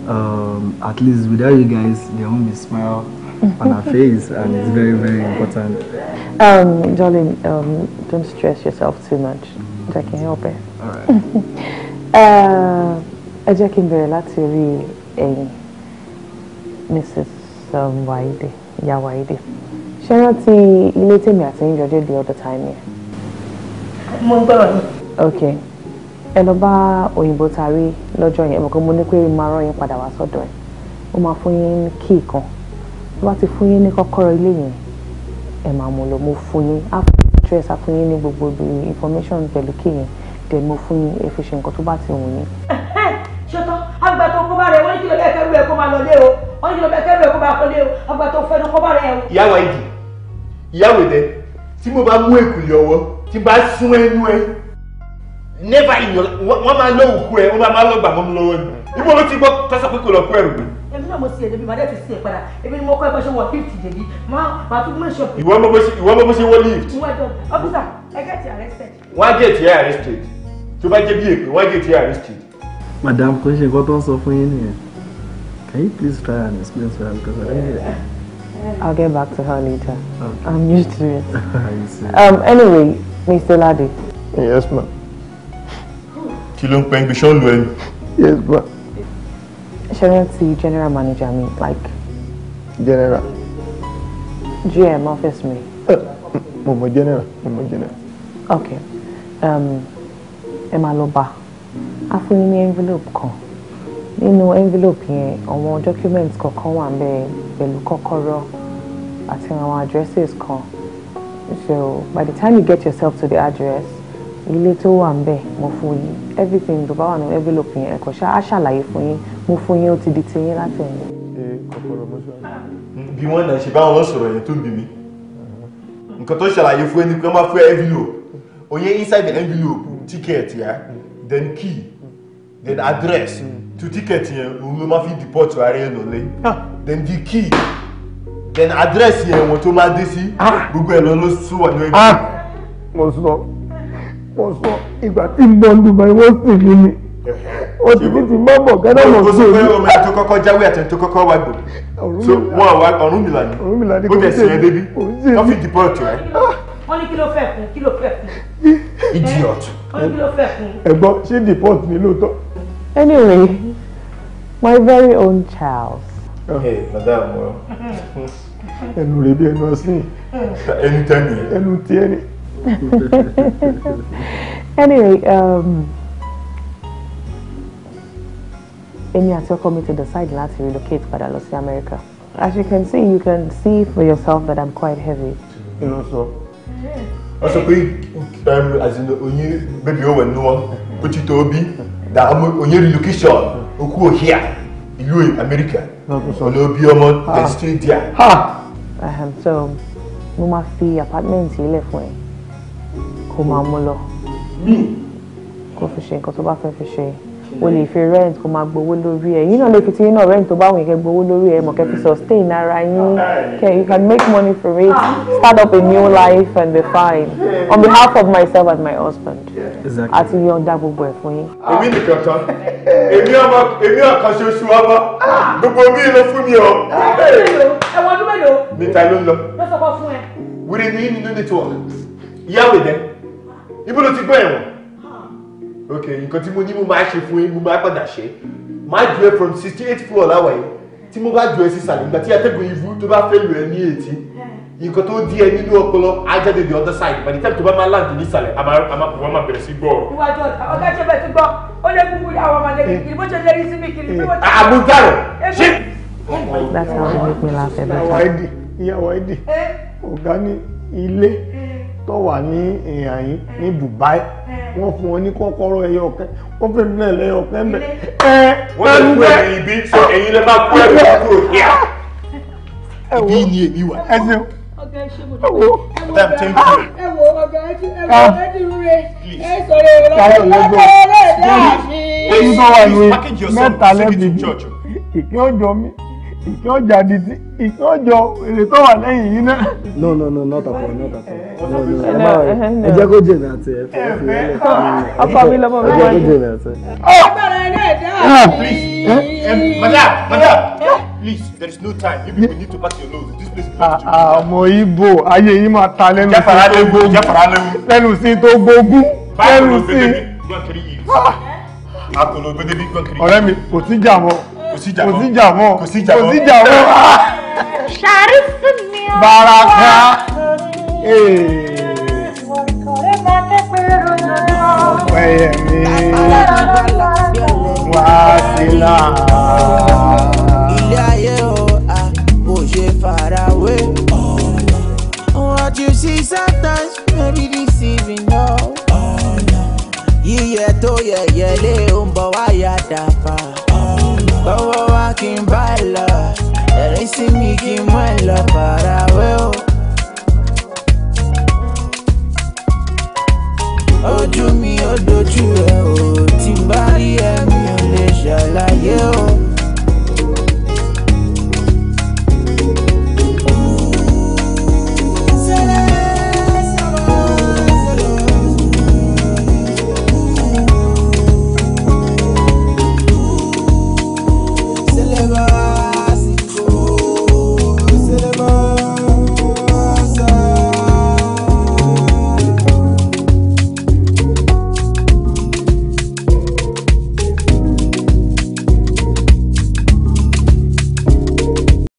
Um, at least without you guys, there won't be smile on our face and it's very, very important. Um, darling, um, don't stress yourself too much. Mm. I can help it. All right. uh, ẹ jẹ́ kí n bẹ̀rẹ̀ láti Mrs. Um, Waide, ìyá Waide ṣé rántí ilé tèmi àti yín jọjọ the other time yẹn. mo ń gbọ́rọ̀ yín. ok ẹ lọ bá òyìnbó tarí lọ́jọ́ yẹn mọ̀kàn mo ní pé máa rán yín padà wá sọ́dọ̀ ẹ̀ ó máa fún yín ní kíì kan tó bá ti fún yín ní kọ́kọ́rọ́ ilé yẹn ẹ máa mú lọ mo fún yín á fún yín ní gbogbo information pẹ̀lú kíì yẹn tẹ̀ mo fún yín ẹ fi ṣe nǹkan tó bá ti wù yín. ṣetán àgbà tó kó bá rẹ̀ wọ́n ní kí ló bẹ́ẹ̀ kẹ́rù ẹ̀ kó máa lọ lé o wọ́n ní kí ló bẹ́ẹ̀ kẹ́rù ẹ̀ kó máa lọ lé o àgbà tó fẹ́ kó bá rẹ̀ o. ìyá wa ìdì ìyáwó dẹ tí mo bá mú èkùlé ọwọ́ tí bá sún ẹnu ẹ never in your wọ́n máa lọ òkú ẹ wọ́n máa lọ gbà mọ́ mi lọ́wọ́ ni ibo ló ti gbọ́ tọ́sọ̀ pé kò lọ kú ẹrù mi. èmi náà mo ti ẹ̀jẹ̀ bí màdé ti sin ẹ̀ padà èmi ni mo kọ́ ẹgbẹ́ ṣe wọ fíìtì jẹ̀bi màá tún mú ìṣọ̀pù. ìwọ mọ bó ṣe wọ lift. ọ́fíìsà ẹ gẹ̀ẹ́tì arrested. wọ́n á gẹ̀ẹ́tì ẹ̀ arrested tó bá jẹ́ bí èpè wọ́n á gẹ̀ẹ́tì ẹ̀ arrested. madam kò ń ṣe nǹkan tó ń sọ fún yín nìyẹn can you please try and explain to her because i don't get it. I'll get back to her later. Okay. I'm used to it. um, anyway, Mr. Ladi. Yes, ma'am. Kilong peng bishon pẹ́ Yes, ma'am. Shall we see general manager mi, like. General. GM office me. Eh, mo mọ general, mo mọ general. Okay. Um, ẹ máa lọ bá. envelope kan nínú envelope yẹn àwọn documents kọ̀ọ̀kan wà ń bẹ pẹ̀lú kọ́kọ́rọ́ àti àwọn addresses kan so by the time you get yourself to the address ilé tó wà ń mo fún yín everything tó bá wà nínú envelope yẹn ẹ̀kọ́ ṣá á ṣàlàyé fún yín mo fún yín ó ti di tiyín láti ẹ̀yìn. ṣé kọ́kọ́rọ́ mo ṣe àná. bí wọ́n náà ṣe báwọn sọ̀rọ̀ yẹn tó ń bí mi nǹkan tó ṣàlàyé fún ẹni pé wọ́n máa fún envelope òye inside the envelope ticket ya then key then address mm. to ticket yẹn òun ló máa fi deport ara ẹ lọlẹ ah. then the key then address yẹn wọn tó máa dé sí ah. gbogbo ẹ lọ ló sún wà ní ẹgbẹ. Ah. mo sọ mo sọ ìgbà tí mo lù mọ ìwọ sì ní mi o ti fi ti mọ bọ gánà mọ sí òní. o sọ pé ọmọ ẹ tó kọ́kọ́ jáwé àti ẹ tó kọ́kọ́ wá gbò so wọn àwa Ọ̀rúnmìlà ni ó tẹsí ẹ débi wọn fi deport ẹ. wọ́n ní kí ló fẹ́ fún kí ló fún. idiot. wọ́n ní kí ló fẹ́ fún. ẹ̀gbọ́n ṣé deport ni lóòótọ́. Anyway, my very own Charles. Hey, madam. Ẹnu rẹ̀ bí ẹnu ọ̀sìn. Ẹnu tẹ́ni. Ẹnu tẹ́ni. Anyway, um, èmi àti ọkọ mi to decide láti relocate to lọ America. As you can see, you can see for yourself that I'm quite heavy. You know so. Ọsọ pé um, oyin bébí ó wẹ̀ nú ọ, ó ti tó bí that Onyeri location Okuo here ìlú America olóbi ọmọ the street there. so mo máa fi apartment ilẹ̀ fún ẹ kó máa mú lọ kó fi ṣe nǹkan tó bá fẹ́ fi ṣe o lè fi rent kó máa gbowó lórí ẹ̀ yín náà lè fi ti yín náà rent tó bá wùn yín kẹ́ gbowó lórí ẹ̀ mọ̀ kẹ́ fi sustain ara yín kẹ́ you can make money from it ah. start up a new life and be fine on behalf of myself and my husband àti yọ̀ǹda gbogbo ẹ̀ fún yín. èmi nìkan tán èmi ọmọ èmi ọ̀kan ṣoṣo ọmọ gbogbo mi ló fún mi o. ẹ̀wọ̀n ọdún mélòó. níta ló ń lọ. ló sọ fún ẹ. wíri ni yín nínú nítorí ìyáwó dẹ ibùdó ti gbọ́ ẹ̀wọ̀n ok nǹkan tí mo ní mo máa ṣe fún yín mo máa padà ṣe máa ju ẹ from sixty eight floor láwàá yìí tí mo bá ju ẹ sísàlẹ̀ nígbà tí atẹ́gùn ìbú tó bá fẹ́ lù ẹ ní etí nǹkan tó di ẹ nínú ọpọlọ ajáde the other side by the time tó bá máa land nísàlẹ̀ àmàkùnwá máa bẹ̀rẹ̀ sí gbọ́. iwájú ọ̀tá ọ̀gá ṣe bẹ̀ tó gbọ́ ó lé kúkú àwọn ọmọdé kìkìrì bó ṣe lè rí sí mi kìrì bí wọ́n ti. àmúdárò ah, ṣé. that's how we ọ̀gá ní ilé. Eh? tó wà ní èèyàn eh, yìí ní Dubai eh. wọ́n fún wọn ní kọ́kọ́rọ́ ẹyọ ọ̀kẹ́ wọ́n fún mi náà lẹ́yọ ọ̀kẹ́ mẹ́. wọ́n ti kú ẹ̀yìn ibi sọ ẹ̀yin lè máa kú ẹ̀rù kúrò kíá. ibi ni èmi wà. ẹ ṣeun ọgá ẹ ṣe ẹ wo ọgá ẹ ti ẹ wo ah. ẹ ti rúre ẹ sọ̀rọ̀ ẹ lọ́wọ́ lọ́wọ́ ẹ lọ́wọ́ ẹ lọ́wọ́ ẹ lọ́wọ́ ẹ lọ́wọ́ ẹ lọ́wọ́ ẹ lọ́wọ́ ẹ lọ́wọ́ ẹ lọ́wọ́ ẹ lọ́wọ́ ẹ ẹ lọ́wọ́ ẹ lọ́wọ́ ẹ lọ́wọ́ ẹ ẹ lọ́wọ́ ẹ lọ́wọ́ ẹ lọ́wọ́ ẹ ẹ lọ́wọ́ ẹ lọ́wọ́ ẹ lọ́wọ́ ẹ ẹ lọ́wọ́ ẹ lọ́wọ́ ẹ lọ́wọ́ ẹ ẹ lọ́wọ́ ẹ lọ́wọ́ ẹ lọ́wọ́ ẹ ẹ lọ́wọ́ ẹ lọ́wọ́ ẹ lọ́wọ́ ẹ ẹ lọ́wọ́ ẹ lọ́wọ́ ẹ lọ́wọ́ ẹ ẹ lọ́wọ́ ẹ lọ́wọ́ ẹ lọ́wọ́ ẹ ẹ lọ́wọ́ ẹ lọ́wọ́ ẹ lọ́wọ́ ẹ ẹ lọ́wọ́ ẹ lọ́wọ́ ẹ lọ́wọ́ ẹ ẹ lọ́wọ́ ẹ lọ́wọ́ ẹ lọ́wọ́ ẹ ẹ lọ́wọ́ ẹ lọ́wọ́ ẹ lọ́wọ́ ẹ ẹ lọ́wọ́ ẹ lọ́wọ́ ẹ lọ́wọ́ ẹ ẹ lọ́wọ́ ẹ lọ́wọ́ ìkí ọjà dìtì ìkí ọjọ èrè tó wà lẹ́yìn yìí náà. no no no not at all not at all eh, no no eh, ẹ máa eh, ẹ jẹ́ kó jẹ̀mí àti ẹ fẹ́ fi ẹ ah, ọkọ mi lọ́mọ mi wáyé ẹ jẹ́ kó jẹ̀mí àti ẹ. Ah! agbára ẹ náà dá mi. madam madam please there is no time you people need to pass your nose this place belongs to you. ọmọ ibo ayé yìí máa ta lẹ́nu sí tó gbógun lẹ́nu sí tó gbógun lẹ́nu sí. Ah! ọ̀rẹ́ mi kò sí jà mọ́ kò sí ìjà mọ́ kò sí ìjà mọ́ kò sí baraka. ọpẹ́yẹ mi wá sí náà. ilé ayé o a kò ṣe farawé. What you see sometimes may deceiving, no. Yíyẹ tó yẹyẹ lé ń bọ̀ wáyà dàpá. Bọ́wọ́ wa kì í bá ẹ lọ, ẹ̀rín sí mi kì í para wé o. mi odo dojú ẹ o, tí e mi ò shala ṣàlàyé o.